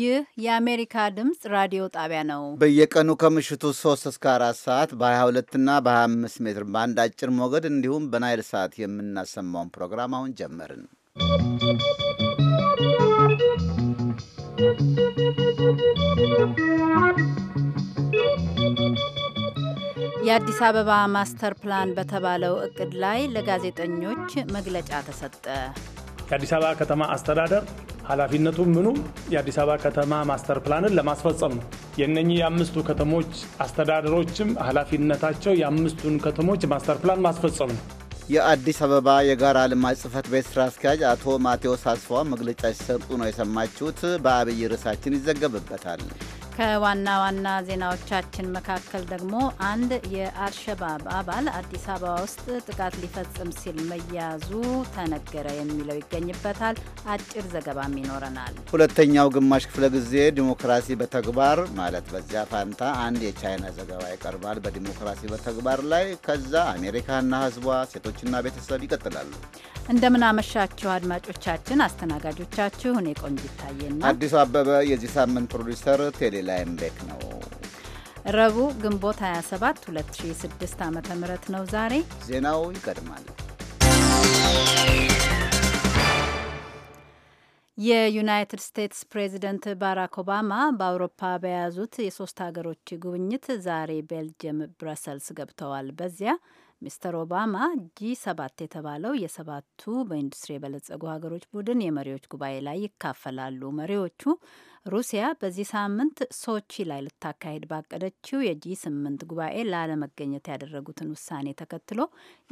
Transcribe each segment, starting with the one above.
ይህ የአሜሪካ ድምፅ ራዲዮ ጣቢያ ነው። በየቀኑ ከምሽቱ 3 እስከ 4 ሰዓት በ22 እና በ25 ሜትር በአንድ አጭር ሞገድ እንዲሁም በናይል ሰዓት የምናሰማውን ፕሮግራም አሁን ጀመርን። የአዲስ አበባ ማስተር ፕላን በተባለው እቅድ ላይ ለጋዜጠኞች መግለጫ ተሰጠ። የአዲስ አበባ ከተማ አስተዳደር ኃላፊነቱ ምኑ የአዲስ አበባ ከተማ ማስተር ፕላንን ለማስፈጸም ነው። የእነኚህ የአምስቱ ከተሞች አስተዳደሮችም ኃላፊነታቸው የአምስቱን ከተሞች ማስተር ፕላን ማስፈጸም ነው። የአዲስ አበባ የጋራ ልማት ጽህፈት ቤት ስራ አስኪያጅ አቶ ማቴዎስ አስፋው መግለጫ ሲሰጡ ነው የሰማችሁት። በአብይ ርዕሳችን ይዘገብበታል። ከዋና ዋና ዜናዎቻችን መካከል ደግሞ አንድ የአልሸባብ አባል አዲስ አበባ ውስጥ ጥቃት ሊፈጽም ሲል መያዙ ተነገረ የሚለው ይገኝበታል። አጭር ዘገባም ይኖረናል። ሁለተኛው ግማሽ ክፍለ ጊዜ ዲሞክራሲ በተግባር ማለት በዚያ ፋንታ አንድ የቻይና ዘገባ ይቀርባል። በዲሞክራሲ በተግባር ላይ ከዛ አሜሪካና ሕዝቧ ሴቶችና ቤተሰብ ይቀጥላሉ። እንደምናመሻችሁ አድማጮቻችን፣ አስተናጋጆቻችሁ እኔ ቆንጅ ይታየና አዲሱ አበበ። የዚህ ሳምንት ፕሮዲሰር ቴሌ ነው። ረቡዕ ግንቦት 27 2006 ዓ ም ነው ዛሬ። ዜናው ይቀድማል። የዩናይትድ ስቴትስ ፕሬዚደንት ባራክ ኦባማ በአውሮፓ በያዙት የሶስት ሀገሮች ጉብኝት ዛሬ ቤልጅየም ብረሰልስ ገብተዋል። በዚያ ሚስተር ኦባማ ጂ ሰባት የተባለው የሰባቱ በኢንዱስትሪ የበለጸጉ ሀገሮች ቡድን የመሪዎች ጉባኤ ላይ ይካፈላሉ። መሪዎቹ ሩሲያ በዚህ ሳምንት ሶቺ ላይ ልታካሄድ ባቀደችው የጂ ስምንት ጉባኤ ላለመገኘት ያደረጉትን ውሳኔ ተከትሎ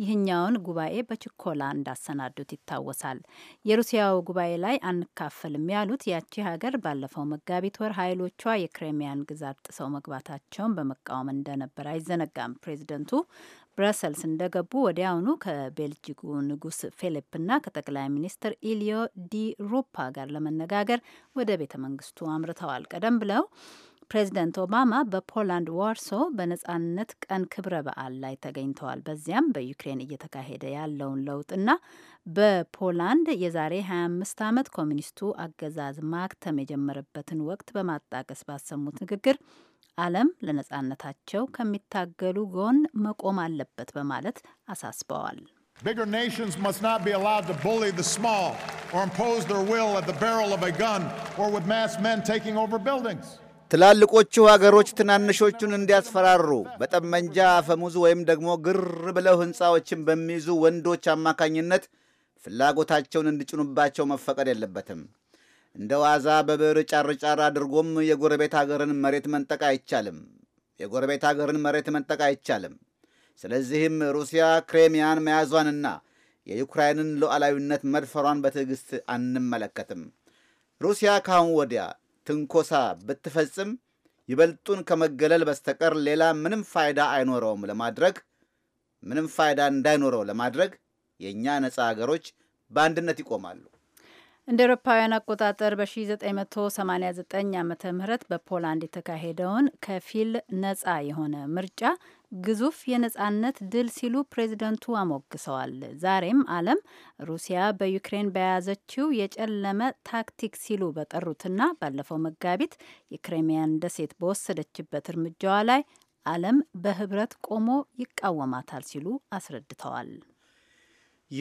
ይህኛውን ጉባኤ በችኮላ እንዳሰናዱት ይታወሳል። የሩሲያው ጉባኤ ላይ አንካፈልም ያሉት ያቺ ሀገር ባለፈው መጋቢት ወር ኃይሎቿ የክሬሚያን ግዛት ጥሰው መግባታቸውን በመቃወም እንደነበር አይዘነጋም። ፕሬዚደንቱ ብረሰልስ እንደገቡ ወዲያውኑ ከቤልጂጉ ንጉስ ፊሊፕና ከጠቅላይ ሚኒስትር ኢሊዮ ዲ ሩፓ ጋር ለመነጋገር ወደ ቤተ መንግስቱ አምርተዋል። ቀደም ብለው ፕሬዚደንት ኦባማ በፖላንድ ዋርሶ በነጻነት ቀን ክብረ በዓል ላይ ተገኝተዋል። በዚያም በዩክሬን እየተካሄደ ያለውን ለውጥና በፖላንድ የዛሬ 25 ዓመት ኮሚኒስቱ አገዛዝ ማክተም የጀመረበትን ወቅት በማጣቀስ ባሰሙት ንግግር ዓለም ለነጻነታቸው ከሚታገሉ ጎን መቆም አለበት በማለት አሳስበዋል። Bigger nations must not be allowed to bully the small or impose their will at the barrel of a gun or with masked men taking over buildings. ትላልቆቹ አገሮች ትናንሾቹን እንዲያስፈራሩ በጠመንጃ አፈሙዝ ወይም ደግሞ ግር ብለው ሕንፃዎችን በሚይዙ ወንዶች አማካኝነት ፍላጎታቸውን እንዲጭኑባቸው መፈቀድ የለበትም። እንደ ዋዛ በብዕር ጫርጫር አድርጎም የጎረቤት አገርን መሬት መንጠቅ አይቻልም። የጎረቤት አገርን መሬት መንጠቅ አይቻልም። ስለዚህም ሩሲያ ክሬሚያን መያዟንና የዩክራይንን ሉዓላዊነት መድፈሯን በትዕግሥት አንመለከትም። ሩሲያ ካሁን ወዲያ ትንኮሳ ብትፈጽም ይበልጡን ከመገለል በስተቀር ሌላ ምንም ፋይዳ አይኖረውም ለማድረግ ምንም ፋይዳ እንዳይኖረው ለማድረግ የእኛ ነፃ አገሮች በአንድነት ይቆማሉ። እንደ ኤሮፓውያን አቆጣጠር በ1989 ዓ ም በፖላንድ የተካሄደውን ከፊል ነጻ የሆነ ምርጫ ግዙፍ የነጻነት ድል ሲሉ ፕሬዚደንቱ አሞግሰዋል። ዛሬም ዓለም ሩሲያ በዩክሬን በያዘችው የጨለመ ታክቲክ ሲሉ በጠሩትና ባለፈው መጋቢት የክሬሚያን ደሴት በወሰደችበት እርምጃዋ ላይ ዓለም በህብረት ቆሞ ይቃወማታል ሲሉ አስረድተዋል።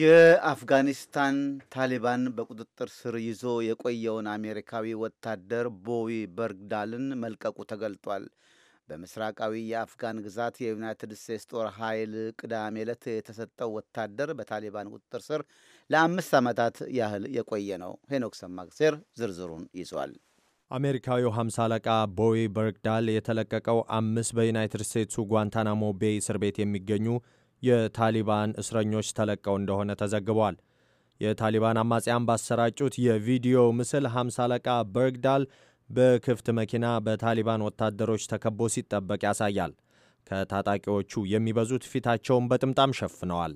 የአፍጋኒስታን ታሊባን በቁጥጥር ስር ይዞ የቆየውን አሜሪካዊ ወታደር ቦዊ በርግዳልን መልቀቁ ተገልጧል። በምስራቃዊ የአፍጋን ግዛት የዩናይትድ ስቴትስ ጦር ኃይል ቅዳሜ ዕለት የተሰጠው ወታደር በታሊባን ቁጥጥር ስር ለአምስት ዓመታት ያህል የቆየ ነው። ሄኖክ ሰማግዜር ዝርዝሩን ይዟል። አሜሪካዊው 50 አለቃ ቦዊ በርግዳል የተለቀቀው አምስት በዩናይትድ ስቴትሱ ጓንታናሞ ቤይ እስር ቤት የሚገኙ የታሊባን እስረኞች ተለቀው እንደሆነ ተዘግቧል። የታሊባን አማጽያን ባሰራጩት የቪዲዮ ምስል ሃምሳ አለቃ በርግዳል በክፍት መኪና በታሊባን ወታደሮች ተከቦ ሲጠበቅ ያሳያል። ከታጣቂዎቹ የሚበዙት ፊታቸውን በጥምጣም ሸፍነዋል።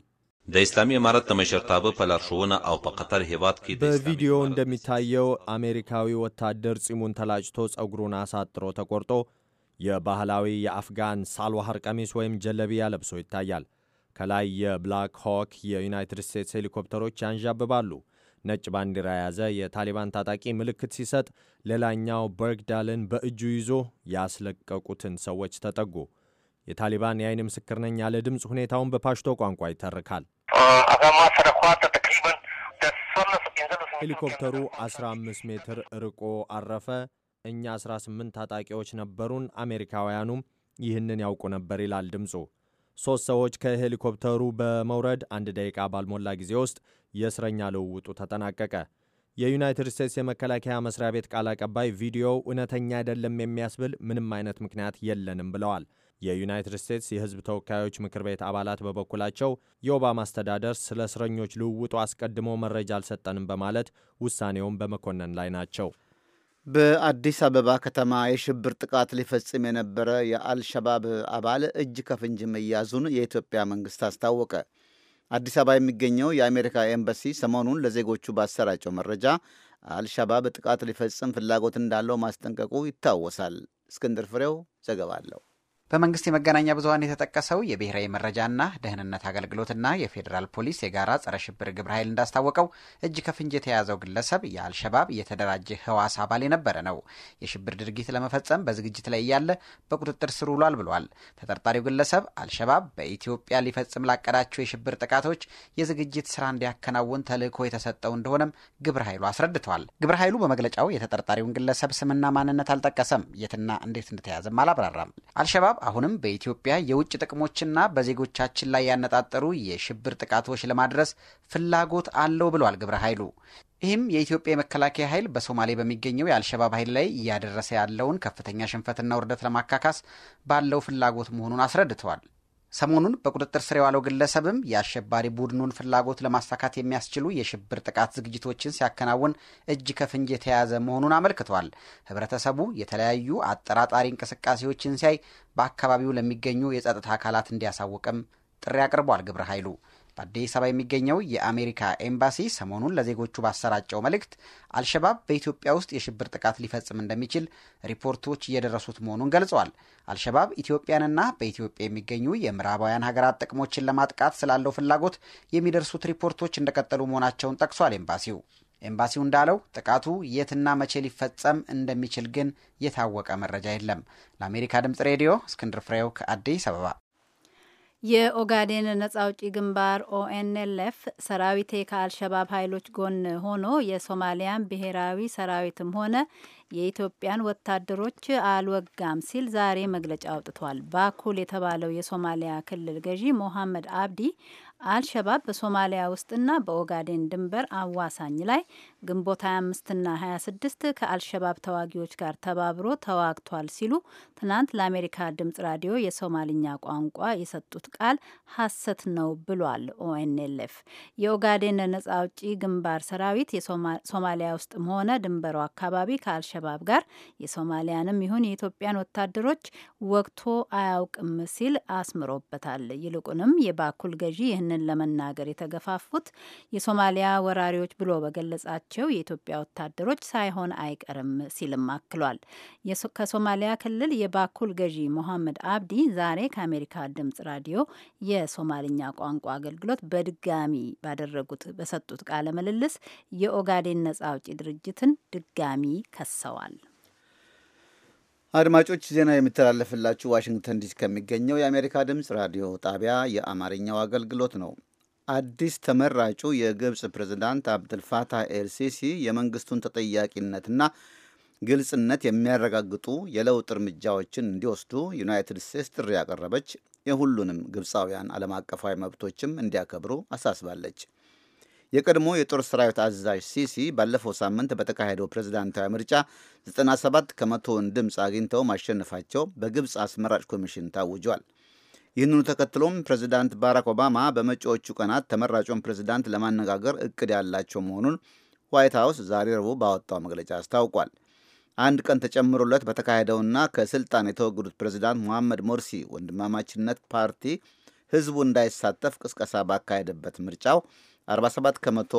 በቪዲዮ እንደሚታየው አሜሪካዊ ወታደር ጺሙን ተላጭቶ ጸጉሩን አሳጥሮ ተቆርጦ የባህላዊ የአፍጋን ሳልዋሃር ቀሚስ ወይም ጀለቢያ ለብሶ ይታያል። ከላይ የብላክ ሆክ የዩናይትድ ስቴትስ ሄሊኮፕተሮች ያንዣብባሉ። ነጭ ባንዲራ የያዘ የታሊባን ታጣቂ ምልክት ሲሰጥ፣ ሌላኛው በርግዳልን በእጁ ይዞ ያስለቀቁትን ሰዎች ተጠጉ። የታሊባን የአይን ምስክር ነኝ ያለ ድምፅ ሁኔታውን በፓሽቶ ቋንቋ ይተርካል። ሄሊኮፕተሩ 15 ሜትር ርቆ አረፈ። እኛ 18 ታጣቂዎች ነበሩን፣ አሜሪካውያኑም ይህንን ያውቁ ነበር ይላል ድምፁ። ሦስት ሰዎች ከሄሊኮፕተሩ በመውረድ አንድ ደቂቃ ባልሞላ ጊዜ ውስጥ የእስረኛ ልውውጡ ተጠናቀቀ። የዩናይትድ ስቴትስ የመከላከያ መስሪያ ቤት ቃል አቀባይ ቪዲዮው እውነተኛ አይደለም የሚያስብል ምንም አይነት ምክንያት የለንም ብለዋል። የዩናይትድ ስቴትስ የሕዝብ ተወካዮች ምክር ቤት አባላት በበኩላቸው የኦባማ አስተዳደር ስለ እስረኞች ልውውጡ አስቀድሞ መረጃ አልሰጠንም በማለት ውሳኔውን በመኮነን ላይ ናቸው። በአዲስ አበባ ከተማ የሽብር ጥቃት ሊፈጽም የነበረ የአልሸባብ አባል እጅ ከፍንጅ መያዙን የኢትዮጵያ መንግስት አስታወቀ። አዲስ አበባ የሚገኘው የአሜሪካ ኤምባሲ ሰሞኑን ለዜጎቹ ባሰራጨው መረጃ አልሸባብ ጥቃት ሊፈጽም ፍላጎት እንዳለው ማስጠንቀቁ ይታወሳል። እስክንድር ፍሬው ዘገባ አለው። በመንግስት የመገናኛ ብዙሀን የተጠቀሰው የብሔራዊ መረጃና ደህንነት አገልግሎትና የፌዴራል ፖሊስ የጋራ ጸረ ሽብር ግብረ ኃይል እንዳስታወቀው እጅ ከፍንጅ የተያዘው ግለሰብ የአልሸባብ የተደራጀ ህዋስ አባል የነበረ ነው። የሽብር ድርጊት ለመፈጸም በዝግጅት ላይ እያለ በቁጥጥር ስር ውሏል ብሏል። ተጠርጣሪው ግለሰብ አልሸባብ በኢትዮጵያ ሊፈጽም ላቀዳቸው የሽብር ጥቃቶች የዝግጅት ስራ እንዲያከናውን ተልዕኮ የተሰጠው እንደሆነም ግብረ ኃይሉ አስረድቷል። ግብረ ኃይሉ በመግለጫው የተጠርጣሪውን ግለሰብ ስምና ማንነት አልጠቀሰም። የትና እንዴት እንደተያዘም አላብራራም። አልሸባብ አሁንም በኢትዮጵያ የውጭ ጥቅሞችና በዜጎቻችን ላይ ያነጣጠሩ የሽብር ጥቃቶች ለማድረስ ፍላጎት አለው ብሏል ግብረ ኃይሉ። ይህም የኢትዮጵያ የመከላከያ ኃይል በሶማሌ በሚገኘው የአልሸባብ ኃይል ላይ እያደረሰ ያለውን ከፍተኛ ሽንፈትና ውርደት ለማካካስ ባለው ፍላጎት መሆኑን አስረድተዋል። ሰሞኑን በቁጥጥር ስር የዋለው ግለሰብም የአሸባሪ ቡድኑን ፍላጎት ለማሳካት የሚያስችሉ የሽብር ጥቃት ዝግጅቶችን ሲያከናውን እጅ ከፍንጅ የተያዘ መሆኑን አመልክቷል። ህብረተሰቡ የተለያዩ አጠራጣሪ እንቅስቃሴዎችን ሲያይ በአካባቢው ለሚገኙ የጸጥታ አካላት እንዲያሳውቅም ጥሪ አቅርቧል። ግብረ ኃይሉ በአዲስ አበባ የሚገኘው የአሜሪካ ኤምባሲ ሰሞኑን ለዜጎቹ ባሰራጨው መልእክት አልሸባብ በኢትዮጵያ ውስጥ የሽብር ጥቃት ሊፈጽም እንደሚችል ሪፖርቶች እየደረሱት መሆኑን ገልጸዋል። አልሸባብ ኢትዮጵያንና በኢትዮጵያ የሚገኙ የምዕራባውያን ሀገራት ጥቅሞችን ለማጥቃት ስላለው ፍላጎት የሚደርሱት ሪፖርቶች እንደቀጠሉ መሆናቸውን ጠቅሷል ኤምባሲው። ኤምባሲው እንዳለው ጥቃቱ የትና መቼ ሊፈጸም እንደሚችል ግን የታወቀ መረጃ የለም። ለአሜሪካ ድምፅ ሬዲዮ እስክንድር ፍሬው ከአዲስ አበባ የኦጋዴን ነጻ አውጪ ግንባር ኦኤንኤልኤፍ ሰራዊቴ ከአልሸባብ ኃይሎች ጎን ሆኖ የሶማሊያን ብሔራዊ ሰራዊትም ሆነ የኢትዮጵያን ወታደሮች አልወጋም ሲል ዛሬ መግለጫ አውጥቷል። ባኩል የተባለው የሶማሊያ ክልል ገዢ ሞሐመድ አብዲ አልሸባብ በሶማሊያ ውስጥና በኦጋዴን ድንበር አዋሳኝ ላይ ግንቦት 25ና 26 ከአልሸባብ ተዋጊዎች ጋር ተባብሮ ተዋግቷል ሲሉ ትናንት ለአሜሪካ ድምጽ ራዲዮ የሶማልኛ ቋንቋ የሰጡት ቃል ሐሰት ነው ብሏል ኦኤንኤልኤፍ። የኦጋዴን ነጻ አውጪ ግንባር ሰራዊት ሶማሊያ ውስጥም ሆነ ድንበሩ አካባቢ ከአልሸባብ ጋር የሶማሊያንም ይሁን የኢትዮጵያን ወታደሮች ወቅቶ አያውቅም ሲል አስምሮበታል። ይልቁንም የባኩል ገዢ ይህን ይህንን ለመናገር የተገፋፉት የሶማሊያ ወራሪዎች ብሎ በገለጻቸው የኢትዮጵያ ወታደሮች ሳይሆን አይቀርም ሲልም አክሏል። ከሶማሊያ ክልል የባኩል ገዢ ሞሐመድ አብዲ ዛሬ ከአሜሪካ ድምጽ ራዲዮ የሶማልኛ ቋንቋ አገልግሎት በድጋሚ ባደረጉት በሰጡት ቃለ ምልልስ የኦጋዴን ነጻ አውጪ ድርጅትን ድጋሚ ከሰዋል። አድማጮች ዜና የሚተላለፍላችሁ ዋሽንግተን ዲሲ ከሚገኘው የአሜሪካ ድምፅ ራዲዮ ጣቢያ የአማርኛው አገልግሎት ነው። አዲስ ተመራጩ የግብፅ ፕሬዝዳንት አብድልፋታህ ኤልሲሲ የመንግስቱን ተጠያቂነትና ግልጽነት የሚያረጋግጡ የለውጥ እርምጃዎችን እንዲወስዱ ዩናይትድ ስቴትስ ጥሪ ያቀረበች፣ የሁሉንም ግብፃውያን ዓለም አቀፋዊ መብቶችም እንዲያከብሩ አሳስባለች። የቀድሞ የጦር ሰራዊት አዛዥ ሲሲ ባለፈው ሳምንት በተካሄደው ፕሬዝዳንታዊ ምርጫ 97 ከመቶውን ድምፅ አግኝተው ማሸነፋቸው በግብፅ አስመራጭ ኮሚሽን ታውጇል። ይህንኑ ተከትሎም ፕሬዝዳንት ባራክ ኦባማ በመጪዎቹ ቀናት ተመራጩን ፕሬዝዳንት ለማነጋገር እቅድ ያላቸው መሆኑን ዋይት ሀውስ ዛሬ ረቡዕ ባወጣው መግለጫ አስታውቋል። አንድ ቀን ተጨምሮለት በተካሄደውና ከስልጣን የተወገዱት ፕሬዝዳንት ሙሐመድ ሞርሲ ወንድማማችነት ፓርቲ ህዝቡ እንዳይሳተፍ ቅስቀሳ ባካሄደበት ምርጫው 47 ከመቶ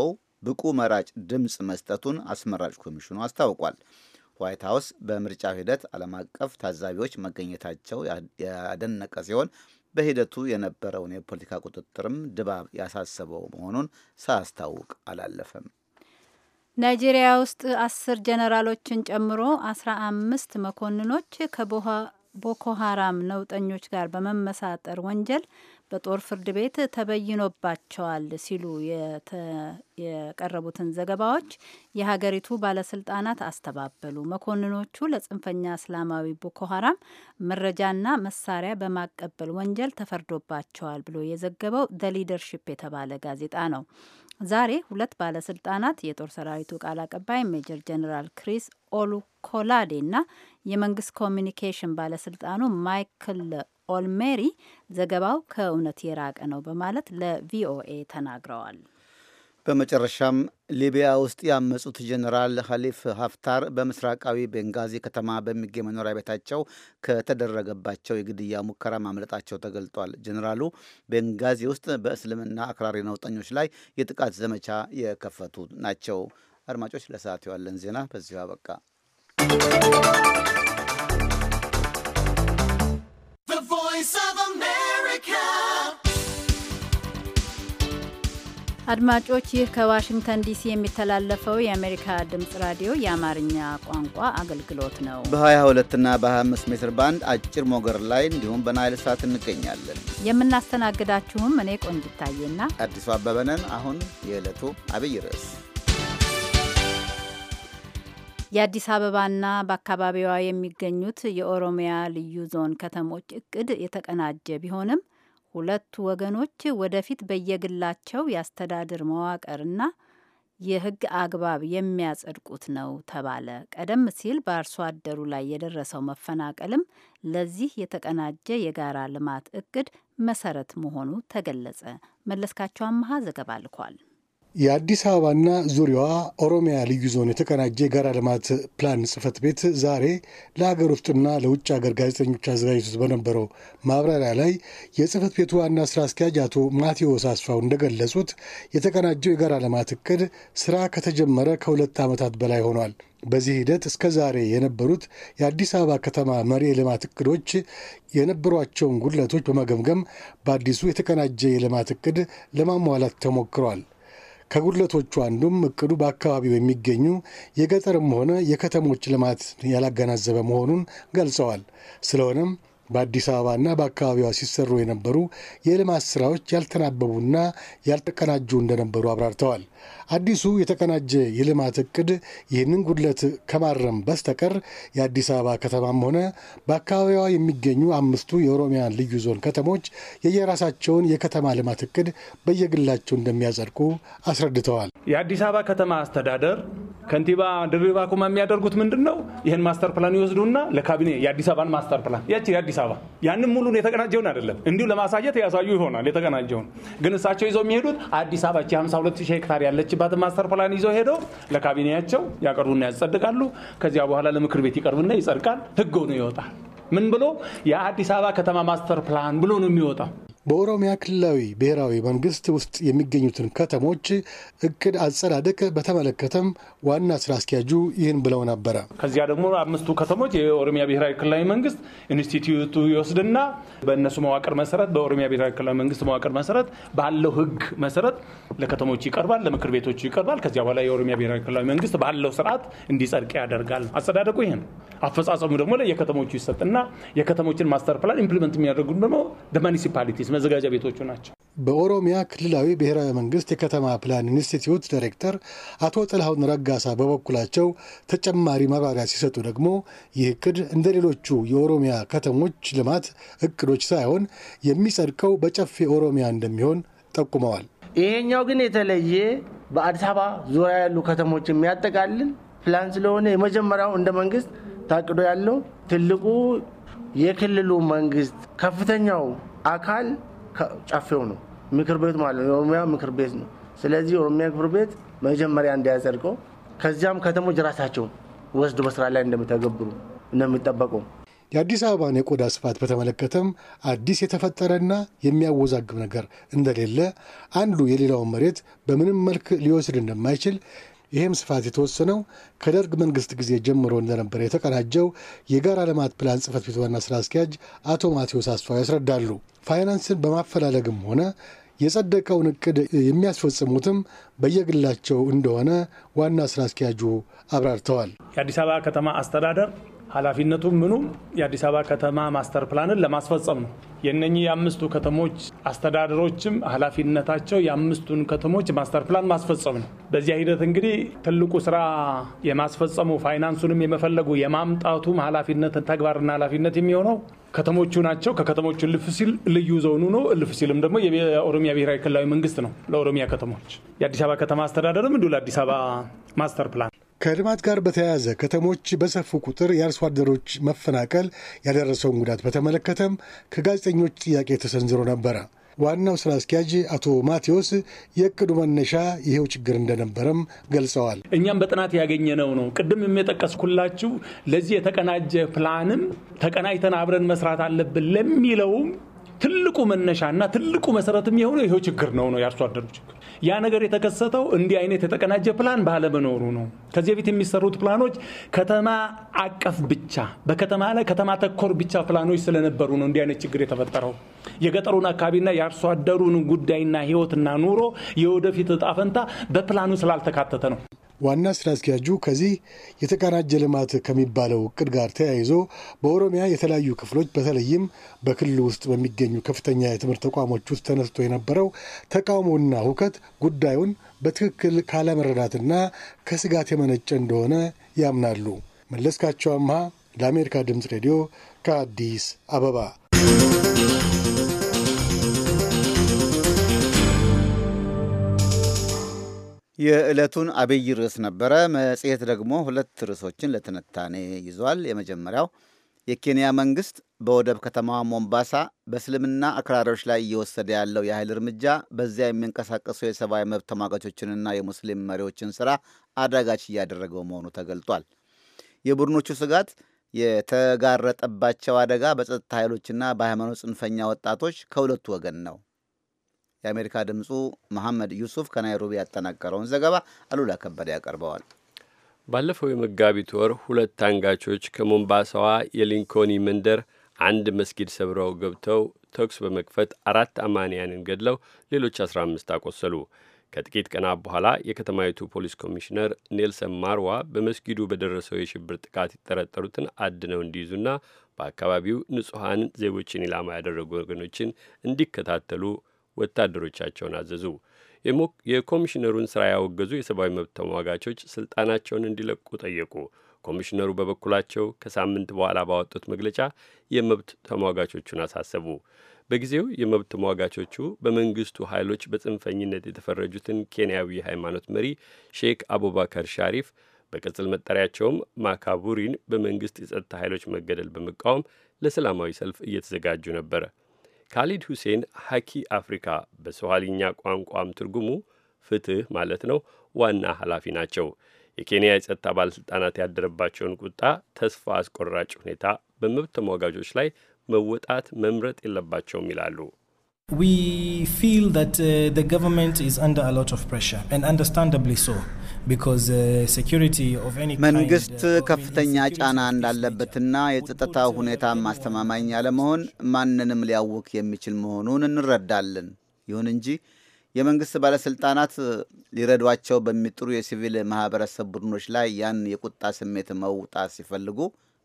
ብቁ መራጭ ድምፅ መስጠቱን አስመራጭ ኮሚሽኑ አስታውቋል። ዋይት ሀውስ በምርጫው ሂደት ዓለም አቀፍ ታዛቢዎች መገኘታቸው ያደነቀ ሲሆን በሂደቱ የነበረውን የፖለቲካ ቁጥጥርም ድባብ ያሳሰበው መሆኑን ሳያስታውቅ አላለፈም። ናይጄሪያ ውስጥ አስር ጀነራሎችን ጨምሮ አስራ አምስት መኮንኖች ከቦኮ ሀራም ነውጠኞች ጋር በመመሳጠር ወንጀል በጦር ፍርድ ቤት ተበይኖባቸዋል ሲሉ የቀረቡትን ዘገባዎች የሀገሪቱ ባለስልጣናት አስተባበሉ። መኮንኖቹ ለጽንፈኛ እስላማዊ ቦኮ ሀራም መረጃና መሳሪያ በማቀበል ወንጀል ተፈርዶባቸዋል ብሎ የዘገበው ዘ ሊደርሺፕ የተባለ ጋዜጣ ነው። ዛሬ ሁለት ባለስልጣናት የጦር ሰራዊቱ ቃል አቀባይ ሜጀር ጀኔራል ክሪስ እና የመንግስት ኮሚኒኬሽን ባለስልጣኑ ማይክል ኦልሜሪ ዘገባው ከእውነት የራቀ ነው በማለት ለቪኦኤ ተናግረዋል። በመጨረሻም ሊቢያ ውስጥ ያመጹት ጀኔራል ሀሊፍ ሀፍታር በምስራቃዊ ቤንጋዚ ከተማ በሚገኝ መኖሪያ ቤታቸው ከተደረገባቸው የግድያ ሙከራ ማምለጣቸው ተገልጧል። ጀኔራሉ ቤንጋዚ ውስጥ በእስልምና አክራሪ ነውጠኞች ላይ የጥቃት ዘመቻ የከፈቱ ናቸው። አድማጮች፣ ለሰዓት የዋለን ዜና በዚሁ አበቃ። አድማጮች ይህ ከዋሽንግተን ዲሲ የሚተላለፈው የአሜሪካ ድምጽ ራዲዮ የአማርኛ ቋንቋ አገልግሎት ነው። በ22 እና በ25 ሜትር ባንድ አጭር ሞገድ ላይ እንዲሁም በናይል ሳት እንገኛለን። የምናስተናግዳችሁም እኔ ቆንጅታዬና አዲሱ አበበነን። አሁን የዕለቱ አብይ ርዕስ የአዲስ አበባና በአካባቢዋ የሚገኙት የኦሮሚያ ልዩ ዞን ከተሞች እቅድ የተቀናጀ ቢሆንም ሁለቱ ወገኖች ወደፊት በየግላቸው የአስተዳደር መዋቅርና የሕግ አግባብ የሚያጸድቁት ነው ተባለ። ቀደም ሲል በአርሶ አደሩ ላይ የደረሰው መፈናቀልም ለዚህ የተቀናጀ የጋራ ልማት እቅድ መሰረት መሆኑ ተገለጸ። መለስካቸው አመሃ ዘገባ ልኳል። የአዲስ አበባና ዙሪያዋ ኦሮሚያ ልዩ ዞን የተቀናጀ የጋራ ልማት ፕላን ጽህፈት ቤት ዛሬ ለሀገር ውስጥና ለውጭ ሀገር ጋዜጠኞች አዘጋጅቶት በነበረው ማብራሪያ ላይ የጽህፈት ቤቱ ዋና ስራ አስኪያጅ አቶ ማቴዎስ አስፋው እንደገለጹት የተቀናጀው የጋራ ልማት እቅድ ስራ ከተጀመረ ከሁለት ዓመታት በላይ ሆኗል። በዚህ ሂደት እስከ ዛሬ የነበሩት የአዲስ አበባ ከተማ መሪ የልማት እቅዶች የነበሯቸውን ጉድለቶች በመገምገም በአዲሱ የተቀናጀ የልማት እቅድ ለማሟላት ተሞክሯል። ከጉድለቶቹ አንዱም እቅዱ በአካባቢው የሚገኙ የገጠርም ሆነ የከተሞች ልማት ያላገናዘበ መሆኑን ገልጸዋል። ስለሆነም በአዲስ አበባና በአካባቢዋ ሲሰሩ የነበሩ የልማት ስራዎች ያልተናበቡና ያልተቀናጁ እንደነበሩ አብራርተዋል። አዲሱ የተቀናጀ የልማት እቅድ ይህንን ጉድለት ከማረም በስተቀር የአዲስ አበባ ከተማም ሆነ በአካባቢዋ የሚገኙ አምስቱ የኦሮሚያን ልዩ ዞን ከተሞች የየራሳቸውን የከተማ ልማት እቅድ በየግላቸው እንደሚያጸድቁ አስረድተዋል። የአዲስ አበባ ከተማ አስተዳደር ከንቲባ ድሪባ ኩማ የሚያደርጉት ምንድን ነው? ይህን ማስተር ፕላን ይወስዱና ለካቢኔ የአዲስ አበባን ማስተር ፕላን ያቺ የአዲስ አበባ ያንም ሙሉን የተቀናጀውን አይደለም እንዲሁ ለማሳየት ያሳዩ ይሆናል የተቀናጀውን ግን እሳቸው ይዘው የሚሄዱት አዲስ አበባ 52 ሄክታር ያለችባት ማስተር ፕላን ይዘው ሄደው ለካቢኔያቸው ያቀርቡና ያጸድቃሉ። ከዚያ በኋላ ለምክር ቤት ይቀርብና ይጸድቃል። ህግ ሆኖ ይወጣል። ምን ብሎ የአዲስ አበባ ከተማ ማስተር ፕላን ብሎ ነው የሚወጣው። በኦሮሚያ ክልላዊ ብሔራዊ መንግስት ውስጥ የሚገኙትን ከተሞች እቅድ አጸዳደቅ በተመለከተም ዋና ስራ አስኪያጁ ይህን ብለው ነበረ። ከዚያ ደግሞ አምስቱ ከተሞች የኦሮሚያ ብሔራዊ ክልላዊ መንግስት ኢንስቲትዩቱ ይወስድና በእነሱ መዋቅር መሰረት በኦሮሚያ ብሔራዊ ክልላዊ መንግስት መዋቅር መሰረት ባለው ህግ መሰረት ለከተሞቹ ይቀርባል፣ ለምክር ቤቶቹ ይቀርባል። ከዚያ በኋላ የኦሮሚያ ብሔራዊ ክልላዊ መንግስት ባለው ስርዓት እንዲጸድቅ ያደርጋል። አጸዳደቁ ይሄ ነው። አፈጻጸሙ ደግሞ ለየከተሞቹ ይሰጥና የከተሞችን ማስተር ፕላን ኢምፕሊመንት የሚያደርጉ ደግሞ ማኒሲፓሊቲስ መዘጋጃ ቤቶቹ ናቸው። በኦሮሚያ ክልላዊ ብሔራዊ መንግስት የከተማ ፕላን ኢንስቲትዩት ዳይሬክተር አቶ ጥላሁን ረጋሳ በበኩላቸው ተጨማሪ ማብራሪያ ሲሰጡ ደግሞ ይህ እቅድ እንደ ሌሎቹ የኦሮሚያ ከተሞች ልማት እቅዶች ሳይሆን የሚጸድቀው በጨፌ ኦሮሚያ እንደሚሆን ጠቁመዋል። ይሄኛው ግን የተለየ በአዲስ አበባ ዙሪያ ያሉ ከተሞች የሚያጠቃልል ፕላን ስለሆነ የመጀመሪያው እንደ መንግስት ታቅዶ ያለው ትልቁ የክልሉ መንግስት ከፍተኛው አካል ጨፌው ነው ምክር ቤቱ ማለት ነው። የኦሮሚያ ምክር ቤት ነው። ስለዚህ የኦሮሚያ ምክር ቤት መጀመሪያ እንዲያጸድቀው ከዚያም ከተሞች ራሳቸው ወስዶ በስራ ላይ እንደሚተገብሩ እንደሚጠበቀው የአዲስ አበባን የቆዳ ስፋት በተመለከተም አዲስ የተፈጠረና የሚያወዛግብ ነገር እንደሌለ፣ አንዱ የሌላውን መሬት በምንም መልክ ሊወስድ እንደማይችል ይህም ስፋት የተወሰነው ከደርግ መንግስት ጊዜ ጀምሮ እንደነበረ የተቀናጀው የጋራ ልማት ፕላን ጽህፈት ቤት ዋና ስራ አስኪያጅ አቶ ማቴዎስ አስፋው ያስረዳሉ። ፋይናንስን በማፈላለግም ሆነ የጸደቀውን እቅድ የሚያስፈጽሙትም በየግላቸው እንደሆነ ዋና ስራ አስኪያጁ አብራርተዋል። የአዲስ አበባ ከተማ አስተዳደር ኃላፊነቱ ምኑም የአዲስ አበባ ከተማ ማስተር ፕላንን ለማስፈጸም ነው። የነ የአምስቱ ከተሞች አስተዳደሮችም ኃላፊነታቸው የአምስቱን ከተሞች ማስተር ፕላን ማስፈጸም ነው። በዚያ ሂደት እንግዲህ ትልቁ ስራ የማስፈጸሙ ፋይናንሱንም የመፈለጉ የማምጣቱም ኃላፊነት ተግባርና ኃላፊነት የሚሆነው ከተሞቹ ናቸው። ከከተሞቹ እልፍ ሲል ልዩ ዞኑ ነው። እልፍ ሲልም ደግሞ የኦሮሚያ ብሔራዊ ክልላዊ መንግስት ነው ለኦሮሚያ ከተሞች። የአዲስ አበባ ከተማ አስተዳደርም እንዲሁ ለአዲስ አበባ ማስተር ፕላን ከልማት ጋር በተያያዘ ከተሞች በሰፉ ቁጥር የአርሶ አደሮች መፈናቀል ያደረሰውን ጉዳት በተመለከተም ከጋዜጠኞች ጥያቄ ተሰንዝሮ ነበረ። ዋናው ስራ አስኪያጅ አቶ ማቴዎስ የእቅዱ መነሻ ይሄው ችግር እንደነበረም ገልጸዋል። እኛም በጥናት ያገኘነው ነው። ቅድም የሚጠቀስኩላችሁ ለዚህ የተቀናጀ ፕላንም ተቀናጅተን አብረን መስራት አለብን ለሚለውም ትልቁ መነሻና ትልቁ መሰረትም የሆነው ይሄው ችግር ነው ነው የአርሶ አደሩ ችግር። ያ ነገር የተከሰተው እንዲህ አይነት የተቀናጀ ፕላን ባለመኖሩ ነው። ከዚህ በፊት የሚሰሩት ፕላኖች ከተማ አቀፍ ብቻ በከተማ ላይ ከተማ ተኮር ብቻ ፕላኖች ስለነበሩ ነው እንዲህ አይነት ችግር የተፈጠረው። የገጠሩን አካባቢና የአርሶ አደሩን ጉዳይና ህይወትና ኑሮ የወደፊት እጣ ፈንታ በፕላኑ ስላልተካተተ ነው። ዋና ስራ አስኪያጁ ከዚህ የተቀናጀ ልማት ከሚባለው እቅድ ጋር ተያይዞ በኦሮሚያ የተለያዩ ክፍሎች በተለይም በክልሉ ውስጥ በሚገኙ ከፍተኛ የትምህርት ተቋሞች ውስጥ ተነስቶ የነበረው ተቃውሞና ሁከት ጉዳዩን በትክክል ካለመረዳትና ከስጋት የመነጨ እንደሆነ ያምናሉ። መለስካቸው አምሃ ለአሜሪካ ድምፅ ሬዲዮ ከአዲስ አበባ የዕለቱን አብይ ርዕስ ነበረ። መጽሔት ደግሞ ሁለት ርዕሶችን ለትንታኔ ይዟል። የመጀመሪያው የኬንያ መንግስት በወደብ ከተማዋ ሞምባሳ በእስልምና አክራሪዎች ላይ እየወሰደ ያለው የኃይል እርምጃ በዚያ የሚንቀሳቀሱ የሰብአዊ መብት ተሟጋቾችንና የሙስሊም መሪዎችን ስራ አዳጋች እያደረገው መሆኑ ተገልጧል። የቡድኖቹ ስጋት የተጋረጠባቸው አደጋ በጸጥታ ኃይሎችና በሃይማኖት ጽንፈኛ ወጣቶች ከሁለቱ ወገን ነው። የአሜሪካ ድምፁ መሐመድ ዩሱፍ ከናይሮቢ ያጠናቀረውን ዘገባ አሉላ ከበደ ያቀርበዋል። ባለፈው የመጋቢት ወር ሁለት አንጋቾች ከሞምባሳዋ የሊንኮኒ መንደር አንድ መስጊድ ሰብረው ገብተው ተኩስ በመክፈት አራት አማንያንን ገድለው ሌሎች 15 አቆሰሉ። ከጥቂት ቀናት በኋላ የከተማይቱ ፖሊስ ኮሚሽነር ኔልሰን ማርዋ በመስጊዱ በደረሰው የሽብር ጥቃት የተጠረጠሩትን አድነው እንዲይዙና በአካባቢው ንጹሐን ዜጎችን ኢላማ ያደረጉ ወገኖችን እንዲከታተሉ ወታደሮቻቸውን አዘዙ። የኮሚሽነሩን ስራ ያወገዙ የሰብአዊ መብት ተሟጋቾች ስልጣናቸውን እንዲለቁ ጠየቁ። ኮሚሽነሩ በበኩላቸው ከሳምንት በኋላ ባወጡት መግለጫ የመብት ተሟጋቾቹን አሳሰቡ። በጊዜው የመብት ተሟጋቾቹ በመንግስቱ ኃይሎች በጽንፈኝነት የተፈረጁትን ኬንያዊ ሃይማኖት መሪ ሼክ አቡባከር ሻሪፍ በቅጽል መጠሪያቸውም ማካቡሪን በመንግስት የጸጥታ ኃይሎች መገደል በመቃወም ለሰላማዊ ሰልፍ እየተዘጋጁ ነበር። ካሊድ ሁሴን ሀኪ አፍሪካ በሶማሊኛ ቋንቋም ትርጉሙ ፍትህ ማለት ነው ዋና ኃላፊ ናቸው። የኬንያ የጸጥታ ባለሥልጣናት ያደረባቸውን ቁጣ ተስፋ አስቆራጭ ሁኔታ በመብት ተሟጋጆች ላይ መወጣት መምረጥ የለባቸውም ይላሉ። We feel that uh, the government is under a lot of pressure, and understandably so. Uh, መንግስት uh, ከፍተኛ ጫና እንዳለበትና የጸጥታ ሁኔታ ማስተማማኝ ያለመሆን ማንንም ሊያውክ የሚችል መሆኑን እንረዳለን። ይሁን እንጂ የመንግስት ባለሥልጣናት ሊረዷቸው በሚጥሩ የሲቪል ማኅበረሰብ ቡድኖች ላይ ያን የቁጣ ስሜት መውጣት ሲፈልጉ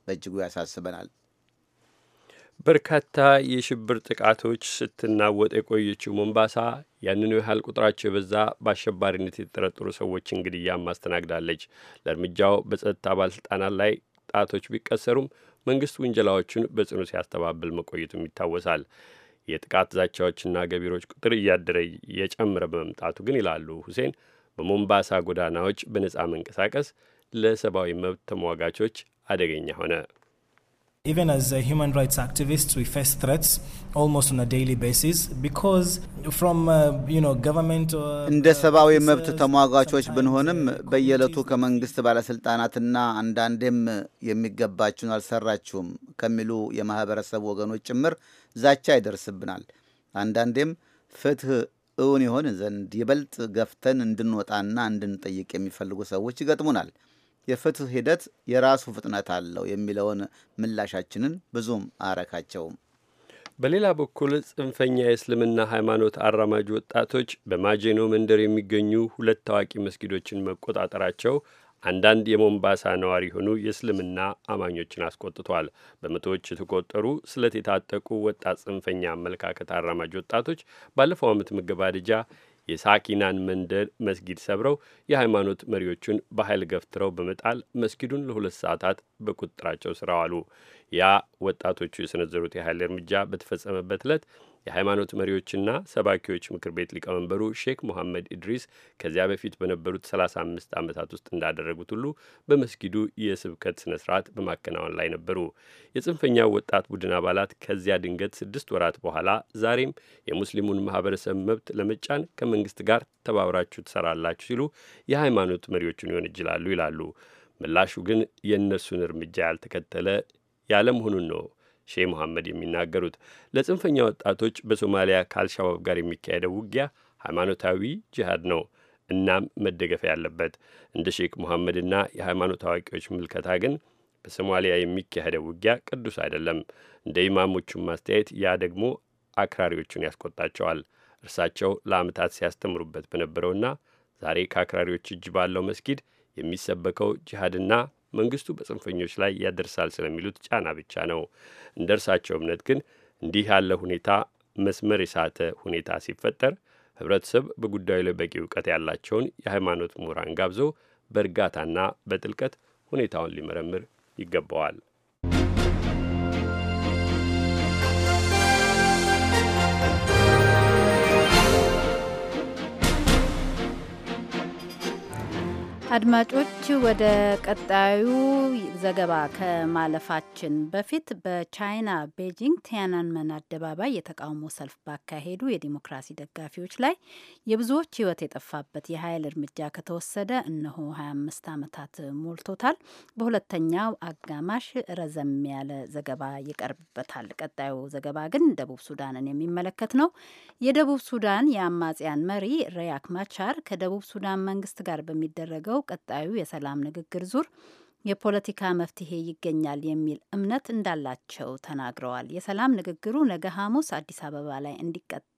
በእጅጉ ያሳስበናል። በርካታ የሽብር ጥቃቶች ስትናወጥ የቆየችው ሞምባሳ ያንኑ ያህል ቁጥራቸው የበዛ በአሸባሪነት የተጠረጠሩ ሰዎችን ግድያም ማስተናግዳለች። ለእርምጃው በጸጥታ ባለሥልጣናት ላይ ጣቶች ቢቀሰሩም መንግስት ውንጀላዎቹን በጽኑ ሲያስተባብል መቆየቱም ይታወሳል። የጥቃት ዛቻዎችና ገቢሮች ቁጥር እያደረ እየጨመረ በመምጣቱ ግን ይላሉ ሁሴን፣ በሞምባሳ ጎዳናዎች በነፃ መንቀሳቀስ ለሰብአዊ መብት ተሟጋቾች አደገኛ ሆነ። Even as uh, human rights activists, we face threats almost on a daily basis because from uh, you know government እንደ ሰብአዊ መብት ተሟጋቾች ብንሆንም uh, በየዕለቱ ከመንግስት ባለስልጣናትና አንዳንዴም የሚገባችሁን አልሰራችሁም ከሚሉ የማህበረሰብ ወገኖች ጭምር ዛቻ ይደርስብናል። አንዳንዴም ፍትህ እውን ይሆን ዘንድ ይበልጥ ገፍተን እንድንወጣና እንድንጠይቅ የሚፈልጉ ሰዎች ይገጥሙናል። የፍትህ ሂደት የራሱ ፍጥነት አለው የሚለውን ምላሻችንን ብዙም አረካቸውም። በሌላ በኩል ጽንፈኛ የእስልምና ሃይማኖት አራማጅ ወጣቶች በማጄኖ መንደር የሚገኙ ሁለት ታዋቂ መስጊዶችን መቆጣጠራቸው አንዳንድ የሞምባሳ ነዋሪ የሆኑ የእስልምና አማኞችን አስቆጥቷል። በመቶዎች የተቆጠሩ ስለት የታጠቁ ወጣት ጽንፈኛ አመለካከት አራማጅ ወጣቶች ባለፈው ዓመት መገባደጃ የሳኪናን መንደር መስጊድ ሰብረው የሃይማኖት መሪዎቹን በኃይል ገፍትረው በመጣል መስጊዱን ለሁለት ሰዓታት በቁጥጥራቸው ስር አዋሉ። ያ ወጣቶቹ የሰነዘሩት የኃይል እርምጃ በተፈጸመበት ዕለት የሃይማኖት መሪዎችና ሰባኪዎች ምክር ቤት ሊቀመንበሩ ሼክ ሙሐመድ ኢድሪስ ከዚያ በፊት በነበሩት 35 ዓመታት ውስጥ እንዳደረጉት ሁሉ በመስጊዱ የስብከት ስነ ስርዓት በማከናወን ላይ ነበሩ። የጽንፈኛው ወጣት ቡድን አባላት ከዚያ ድንገት ስድስት ወራት በኋላ ዛሬም የሙስሊሙን ማህበረሰብ መብት ለመጫን ከመንግስት ጋር ተባብራችሁ ትሰራላችሁ ሲሉ የሃይማኖት መሪዎቹን ይወነጅላሉ ይላሉ። ምላሹ ግን የእነርሱን እርምጃ ያልተከተለ ያለመሆኑን ነው ሼህ መሐመድ የሚናገሩት። ለጽንፈኛ ወጣቶች በሶማሊያ ከአልሻባብ ጋር የሚካሄደው ውጊያ ሃይማኖታዊ ጅሃድ ነው እናም መደገፍ ያለበት። እንደ ሼክ መሐመድና የሃይማኖት አዋቂዎች ምልከታ ግን በሶማሊያ የሚካሄደው ውጊያ ቅዱስ አይደለም። እንደ ኢማሞቹም ማስተያየት ያ ደግሞ አክራሪዎቹን ያስቆጣቸዋል። እርሳቸው ለዓመታት ሲያስተምሩበት በነበረውና ዛሬ ከአክራሪዎች እጅ ባለው መስጊድ የሚሰበከው ጅሃድና መንግስቱ በጽንፈኞች ላይ ያደርሳል ስለሚሉት ጫና ብቻ ነው። እንደ እርሳቸው እምነት ግን እንዲህ ያለ ሁኔታ መስመር የሳተ ሁኔታ ሲፈጠር ህብረተሰብ በጉዳዩ ላይ በቂ እውቀት ያላቸውን የሃይማኖት ምሁራን ጋብዘው በእርጋታና በጥልቀት ሁኔታውን ሊመረምር ይገባዋል። አድማጮች ወደ ቀጣዩ ዘገባ ከማለፋችን በፊት በቻይና ቤጂንግ ቲያናንመን አደባባይ የተቃውሞ ሰልፍ ባካሄዱ የዲሞክራሲ ደጋፊዎች ላይ የብዙዎች ሕይወት የጠፋበት የኃይል እርምጃ ከተወሰደ እነሆ 25 ዓመታት ሞልቶታል። በሁለተኛው አጋማሽ ረዘም ያለ ዘገባ ይቀርብበታል። ቀጣዩ ዘገባ ግን ደቡብ ሱዳንን የሚመለከት ነው። የደቡብ ሱዳን የአማጽያን መሪ ሪያክ ማቻር ከደቡብ ሱዳን መንግስት ጋር በሚደረገው ቀጣዩ የሰላም ንግግር ዙር የፖለቲካ መፍትሄ ይገኛል የሚል እምነት እንዳላቸው ተናግረዋል። የሰላም ንግግሩ ነገ ሐሙስ አዲስ አበባ ላይ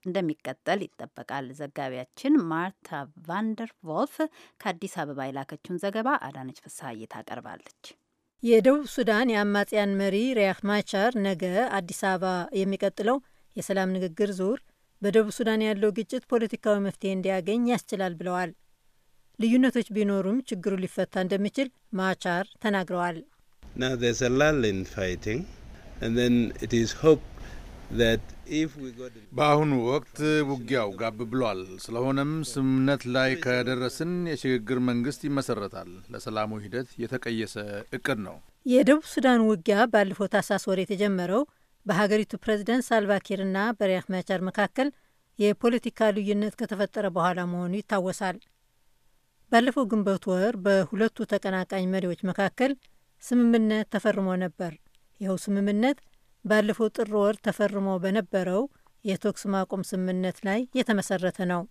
እንደሚቀጠል ይጠበቃል። ዘጋቢያችን ማርታ ቫንደር ቮልፍ ከአዲስ አበባ የላከችውን ዘገባ አዳነች ፍስሀዬ ታቀርባለች። የደቡብ ሱዳን የአማጽያን መሪ ሪያክ ማቻር ነገ አዲስ አበባ የሚቀጥለው የሰላም ንግግር ዙር በደቡብ ሱዳን ያለው ግጭት ፖለቲካዊ መፍትሄ እንዲያገኝ ያስችላል ብለዋል። ልዩነቶች ቢኖሩም ችግሩ ሊፈታ እንደሚችል ማቻር ተናግረዋል። በአሁኑ ወቅት ውጊያው ጋብ ብሏል። ስለሆነም ስምምነት ላይ ከደረስን የሽግግር መንግስት ይመሰረታል። ለሰላሙ ሂደት የተቀየሰ እቅድ ነው። የደቡብ ሱዳን ውጊያ ባለፈው ታህሳስ ወር የተጀመረው በሀገሪቱ ፕሬዚደንት ሳልቫኪርና በሪያክ ማቻር መካከል የፖለቲካ ልዩነት ከተፈጠረ በኋላ መሆኑ ይታወሳል። ባለፈው ግንቦት ወር በሁለቱ ተቀናቃኝ መሪዎች መካከል ስምምነት ተፈርሞ ነበር። ይኸው ስምምነት ባለፈው ጥር ወር ተፈርሞ በነበረው የተኩስ ማቆም ስምምነት ላይ የተመሰረተ ነው።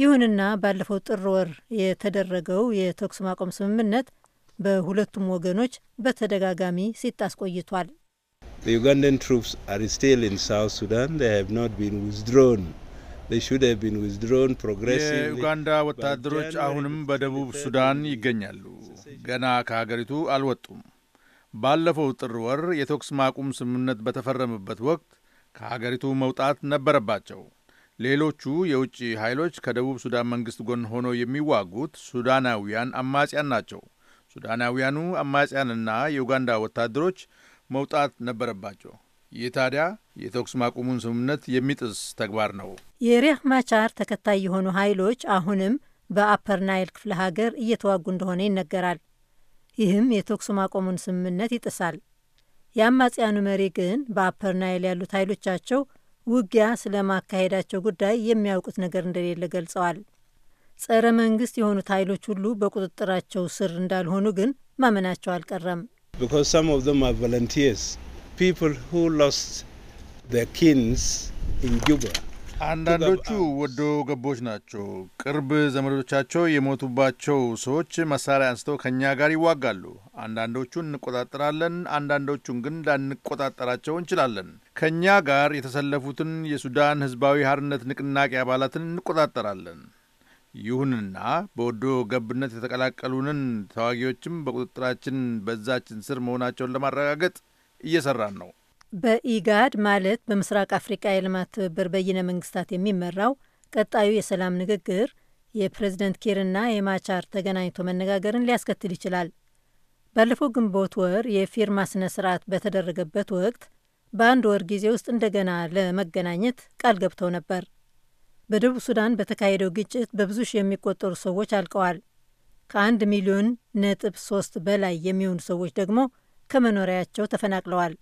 ይሁንና ባለፈው ጥር ወር የተደረገው የተኩስ ማቆም ስምምነት በሁለቱም ወገኖች በተደጋጋሚ ሲጣስ ቆይቷል። The Ugandan troops are still in South የኡጋንዳ ወታደሮች አሁንም በደቡብ ሱዳን ይገኛሉ። ገና ከሀገሪቱ አልወጡም። ባለፈው ጥር ወር የተኩስ ማቁም ስምምነት በተፈረመበት ወቅት ከሀገሪቱ መውጣት ነበረባቸው። ሌሎቹ የውጭ ኃይሎች ከደቡብ ሱዳን መንግሥት ጎን ሆነው የሚዋጉት ሱዳናዊያን አማጽያን ናቸው። ሱዳናዊያኑ አማጽያንና የኡጋንዳ ወታደሮች መውጣት ነበረባቸው። ይህ ታዲያ የተኩስ ማቆሙን ስምምነት የሚጥስ ተግባር ነው። የሪያክ ማቻር ተከታይ የሆኑ ኃይሎች አሁንም በአፐር ናይል ክፍለ ሀገር እየተዋጉ እንደሆነ ይነገራል። ይህም የተኩስ ማቆሙን ስምምነት ይጥሳል። የአማጽያኑ መሪ ግን በአፐር ናይል ያሉት ኃይሎቻቸው ውጊያ ስለማካሄዳቸው ጉዳይ የሚያውቁት ነገር እንደሌለ ገልጸዋል። ጸረ መንግስት የሆኑት ኃይሎች ሁሉ በቁጥጥራቸው ስር እንዳልሆኑ ግን ማመናቸው አልቀረም። people who lost their kins in Juba. አንዳንዶቹ ወዶ ገቦች ናቸው። ቅርብ ዘመዶቻቸው የሞቱባቸው ሰዎች መሳሪያ አንስተው ከእኛ ጋር ይዋጋሉ። አንዳንዶቹን እንቆጣጠራለን፣ አንዳንዶቹን ግን ላንቆጣጠራቸው እንችላለን። ከእኛ ጋር የተሰለፉትን የሱዳን ሕዝባዊ ሀርነት ንቅናቄ አባላትን እንቆጣጠራለን። ይሁንና በወዶ ገብነት የተቀላቀሉንን ተዋጊዎችም በቁጥጥራችን በዛችን ስር መሆናቸውን ለማረጋገጥ እየሰራን ነው። በኢጋድ ማለት በምስራቅ አፍሪቃ የልማት ትብብር በይነ መንግስታት የሚመራው ቀጣዩ የሰላም ንግግር የፕሬዝደንት ኪርና የማቻር ተገናኝቶ መነጋገርን ሊያስከትል ይችላል። ባለፈው ግንቦት ወር የፊርማ ስነ ስርዓት በተደረገበት ወቅት በአንድ ወር ጊዜ ውስጥ እንደገና ለመገናኘት ቃል ገብተው ነበር። በደቡብ ሱዳን በተካሄደው ግጭት በብዙ ሺህ የሚቆጠሩ ሰዎች አልቀዋል። ከአንድ ሚሊዮን ነጥብ ሶስት በላይ የሚሆኑ ሰዎች ደግሞ ከመኖሪያቸው ተፈናቅለዋል።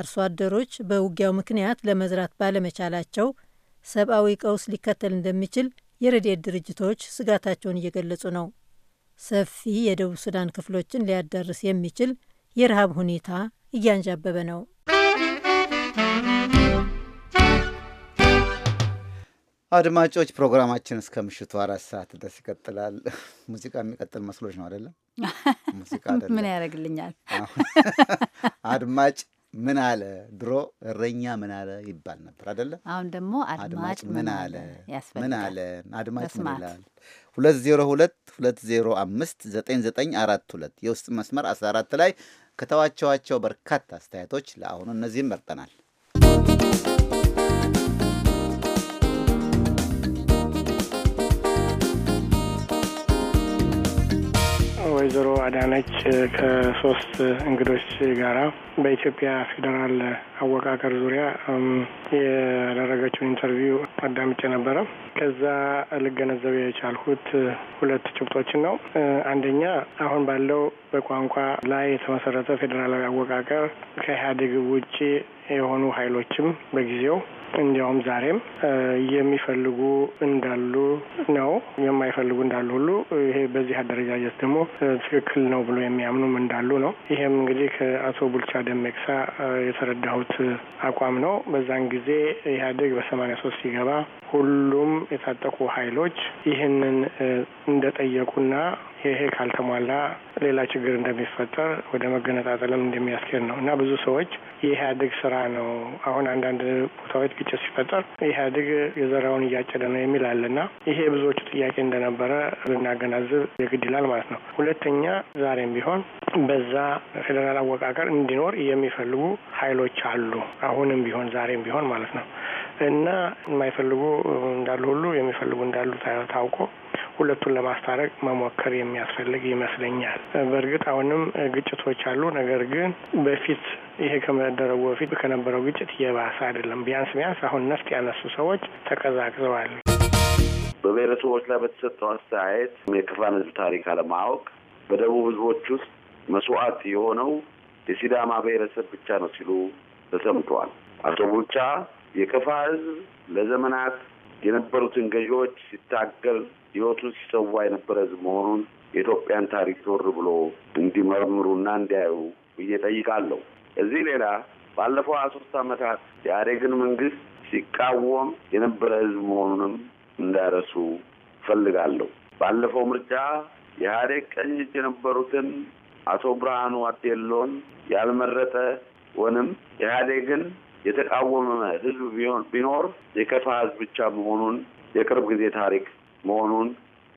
አርሶ አደሮች በውጊያው ምክንያት ለመዝራት ባለመቻላቸው ሰብአዊ ቀውስ ሊከተል እንደሚችል የረድኤት ድርጅቶች ስጋታቸውን እየገለጹ ነው። ሰፊ የደቡብ ሱዳን ክፍሎችን ሊያዳርስ የሚችል የረሃብ ሁኔታ እያንዣበበ ነው። አድማጮች ፕሮግራማችን እስከ ምሽቱ አራት ሰዓት ድረስ ይቀጥላል። ሙዚቃ የሚቀጥል መስሎች ነው አይደለም? ሙዚቃ ምን ያደርግልኛል? አድማጭ ምን አለ? ድሮ እረኛ ምን አለ ይባል ነበር አይደለም? አሁን ደግሞ አድማጭ ምን አለ ምን አለ አድማጭ ምን ይላል? ሁለት ዜሮ ሁለት ሁለት ዜሮ አምስት ዘጠኝ ዘጠኝ አራት ሁለት የውስጥ መስመር አስራ አራት ላይ ከተዋቸዋቸው በርካታ አስተያየቶች ለአሁኑ እነዚህም መርጠናል። ወይዘሮ አዳነች ከሶስት እንግዶች ጋራ በኢትዮጵያ ፌዴራል አወቃቀር ዙሪያ ያደረገችውን ኢንተርቪው አዳምጬ ነበረ። ከዛ ልገነዘብ የቻልኩት ሁለት ጭብጦችን ነው። አንደኛ አሁን ባለው በቋንቋ ላይ የተመሰረተ ፌዴራላዊ አወቃቀር ከኢህአዴግ ውጭ የሆኑ ኃይሎችም በጊዜው እንዲያውም ዛሬም የሚፈልጉ እንዳሉ ነው፣ የማይፈልጉ እንዳሉ ሁሉ ይሄ በዚህ አደረጃጀት ደግሞ ትክክል ነው ብሎ የሚያምኑም እንዳሉ ነው። ይሄም እንግዲህ ከአቶ ቡልቻ ደመቅሳ የተረዳሁት አቋም ነው። በዛን ጊዜ ኢህአዴግ በሰማኒያ ሶስት ሲገባ ሁሉም የታጠቁ ኃይሎች ይህንን እንደጠየቁና ይሄ ካልተሟላ ሌላ ችግር እንደሚፈጠር ወደ መገነጣጠልም እንደሚያስኬድ ነው እና ብዙ ሰዎች የኢህአዴግ ስራ ነው። አሁን አንዳንድ ቦታዎች ግጭት ሲፈጠር ኢህአዴግ የዘራውን እያጨደ ነው የሚል አለ እና ይሄ ብዙዎቹ ጥያቄ እንደነበረ ልናገናዝብ የግድ ይላል ማለት ነው። ሁለተኛ ዛሬም ቢሆን በዛ ፌዴራል አወቃቀር እንዲኖር የሚፈልጉ ኃይሎች አሉ። አሁንም ቢሆን ዛሬም ቢሆን ማለት ነው። እና የማይፈልጉ እንዳሉ ሁሉ የሚፈልጉ እንዳሉ ታውቆ ሁለቱን ለማስታረቅ መሞከር የሚያስፈልግ ይመስለኛል። በእርግጥ አሁንም ግጭቶች አሉ። ነገር ግን በፊት ይሄ ከመደረጉ በፊት ከነበረው ግጭት የባሰ አይደለም። ቢያንስ ቢያንስ አሁን ነፍጥ ያነሱ ሰዎች ተቀዛቅዘዋል። በብሔረሰቦች ላይ በተሰጠው አስተያየት የክፋን ህዝብ ታሪክ አለማወቅ በደቡብ ህዝቦች ውስጥ መስዋዕት የሆነው የሲዳማ ብሔረሰብ ብቻ ነው ሲሉ ተሰምተዋል። አቶ ቡልቻ የከፋ ህዝብ ለዘመናት የነበሩትን ገዢዎች ሲታገል ህይወቱን ሲሰዋ የነበረ ህዝብ መሆኑን የኢትዮጵያን ታሪክ ዞር ብሎ እንዲመርምሩና እንዲያዩ ብዬ ጠይቃለሁ። እዚህ ሌላ ባለፈው ሀያ ሶስት ዓመታት የአዴግን መንግስት ሲቃወም የነበረ ህዝብ መሆኑንም እንዳይረሱ እፈልጋለሁ። ባለፈው ምርጫ የኢህአዴግ ቀኝ እጅ የነበሩትን አቶ ብርሃኑ አዴሎን ያልመረጠ ወንም ኢህአዴግን የተቃወመ ህዝብ ቢኖር የከፋ ህዝብ ብቻ መሆኑን የቅርብ ጊዜ ታሪክ መሆኑን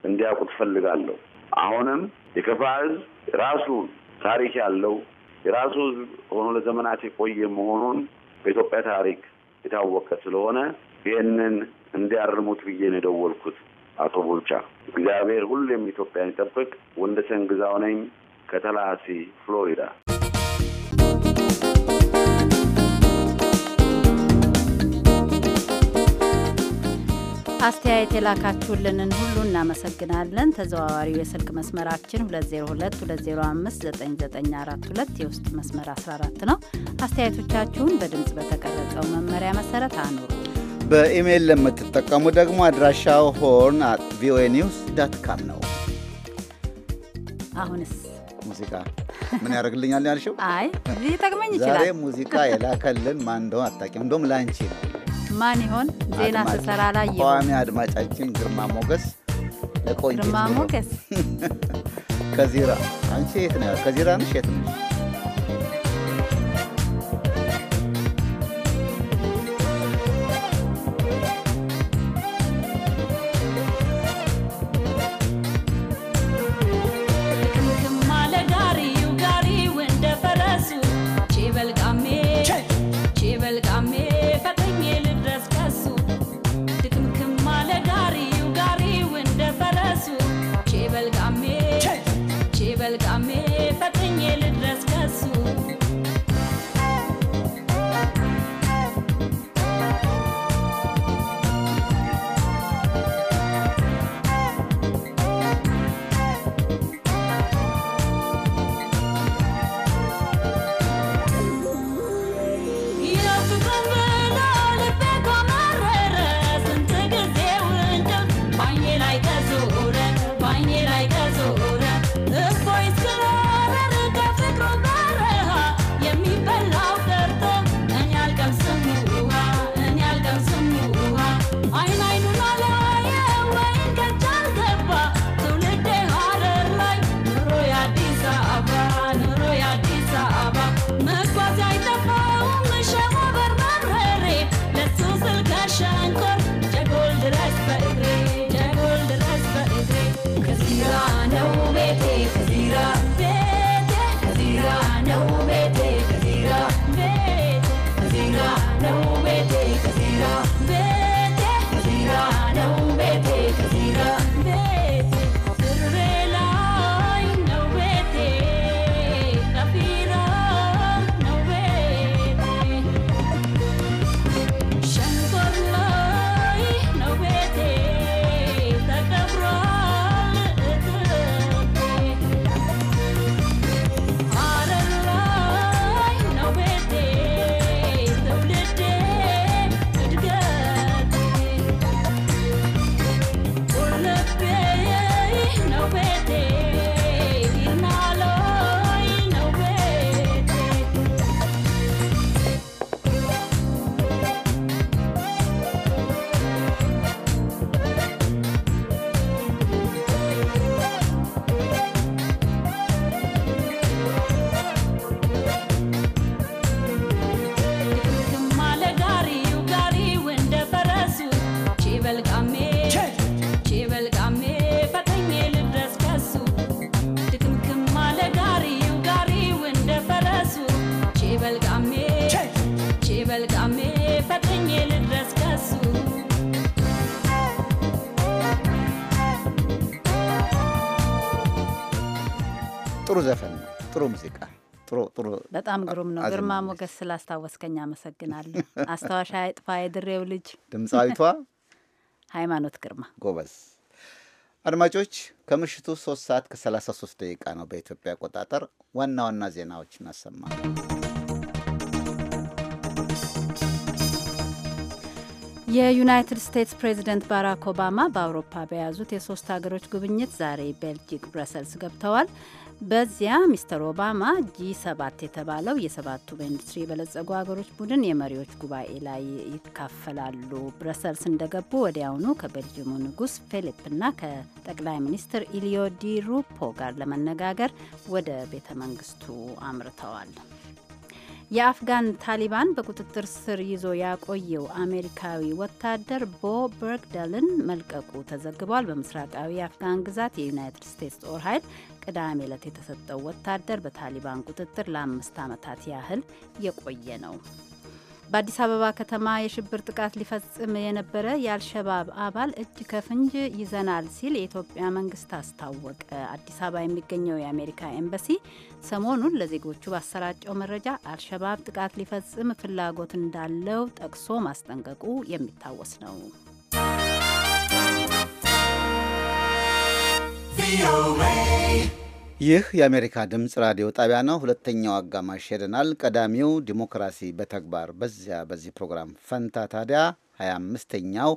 እንዲያውቁ ትፈልጋለሁ። አሁንም የከፋ ህዝብ የራሱ ታሪክ ያለው የራሱ ህዝብ ሆኖ ለዘመናት የቆየ መሆኑን በኢትዮጵያ ታሪክ የታወቀ ስለሆነ ይህንን እንዲያርሙት ብዬ ነው የደወልኩት። አቶ ቡልቻ እግዚአብሔር ሁሌም ኢትዮጵያን ይጠብቅ። ወንደሰን ግዛው ነኝ ከተላሲ ፍሎሪዳ። አስተያየት የላካችሁልንን ሁሉ እናመሰግናለን። ተዘዋዋሪው የስልክ መስመራችን 2022059942 የውስጥ መስመር 14 ነው። አስተያየቶቻችሁን በድምፅ በተቀረጸው መመሪያ መሰረት አኑሩ። በኢሜይል ለምትጠቀሙ ደግሞ አድራሻው ሆርን አት ቪኦኤ ኒውስ ዳት ካም ነው። አሁንስ ሙዚቃ ምን ያደርግልኛል ያልሽው? አይ ሊጠቅመኝ ይችላል። ዛሬ ሙዚቃ የላከልን ማን እንደሆነ አታውቂም። እንደውም ላንቺ ነው ማን ይሆን ዜና ስሰራ ላይ ቋሚ አድማጫችን ግርማ ሞገስ ለቆንጆ ግርማ ሞገስ ከዚራ አንቺ የት ነው ከዚራ ነሽ የት ነሽ በጣም ግሩም ነው። ግርማ ሞገስ ስላስታወስከኝ አመሰግናለሁ። አስታዋሽ አይጥፋ የድሬው ልጅ ድምፃዊቷ ሃይማኖት ግርማ ጎበዝ። አድማጮች ከምሽቱ 3 ሰዓት ከ33 ደቂቃ ነው በኢትዮጵያ አቆጣጠር። ዋና ዋና ዜናዎች እናሰማ። የዩናይትድ ስቴትስ ፕሬዚደንት ባራክ ኦባማ በአውሮፓ በያዙት የሶስት ሀገሮች ጉብኝት ዛሬ ቤልጂክ ብረሰልስ ገብተዋል። በዚያ ሚስተር ኦባማ ጂ ሰባት የተባለው የሰባቱ በኢንዱስትሪ የበለጸጉ ሀገሮች ቡድን የመሪዎች ጉባኤ ላይ ይካፈላሉ። ብረሰልስ እንደገቡ ወዲያውኑ ከቤልጅሙ ንጉሥ ፊሊፕና ከጠቅላይ ሚኒስትር ኢሊዮ ዲ ሩፖ ጋር ለመነጋገር ወደ ቤተ መንግስቱ አምርተዋል። የአፍጋን ታሊባን በቁጥጥር ስር ይዞ ያቆየው አሜሪካዊ ወታደር ቦ በርግደልን መልቀቁ ተዘግቧል። በምስራቃዊ የአፍጋን ግዛት የዩናይትድ ስቴትስ ጦር ኃይል ቅዳሜ ዕለት የተሰጠው ወታደር በታሊባን ቁጥጥር ለአምስት ዓመታት ያህል የቆየ ነው። በአዲስ አበባ ከተማ የሽብር ጥቃት ሊፈጽም የነበረ የአልሸባብ አባል እጅ ከፍንጅ ይዘናል ሲል የኢትዮጵያ መንግስት አስታወቀ። አዲስ አበባ የሚገኘው የአሜሪካ ኤምባሲ ሰሞኑን ለዜጎቹ ባሰራጨው መረጃ አልሸባብ ጥቃት ሊፈጽም ፍላጎት እንዳለው ጠቅሶ ማስጠንቀቁ የሚታወስ ነው። ቪኦኤ ይህ የአሜሪካ ድምፅ ራዲዮ ጣቢያ ነው። ሁለተኛው አጋማሽ ሄደናል። ቀዳሚው ዲሞክራሲ በተግባር በዚያ በዚህ ፕሮግራም ፈንታ ታዲያ 25ኛው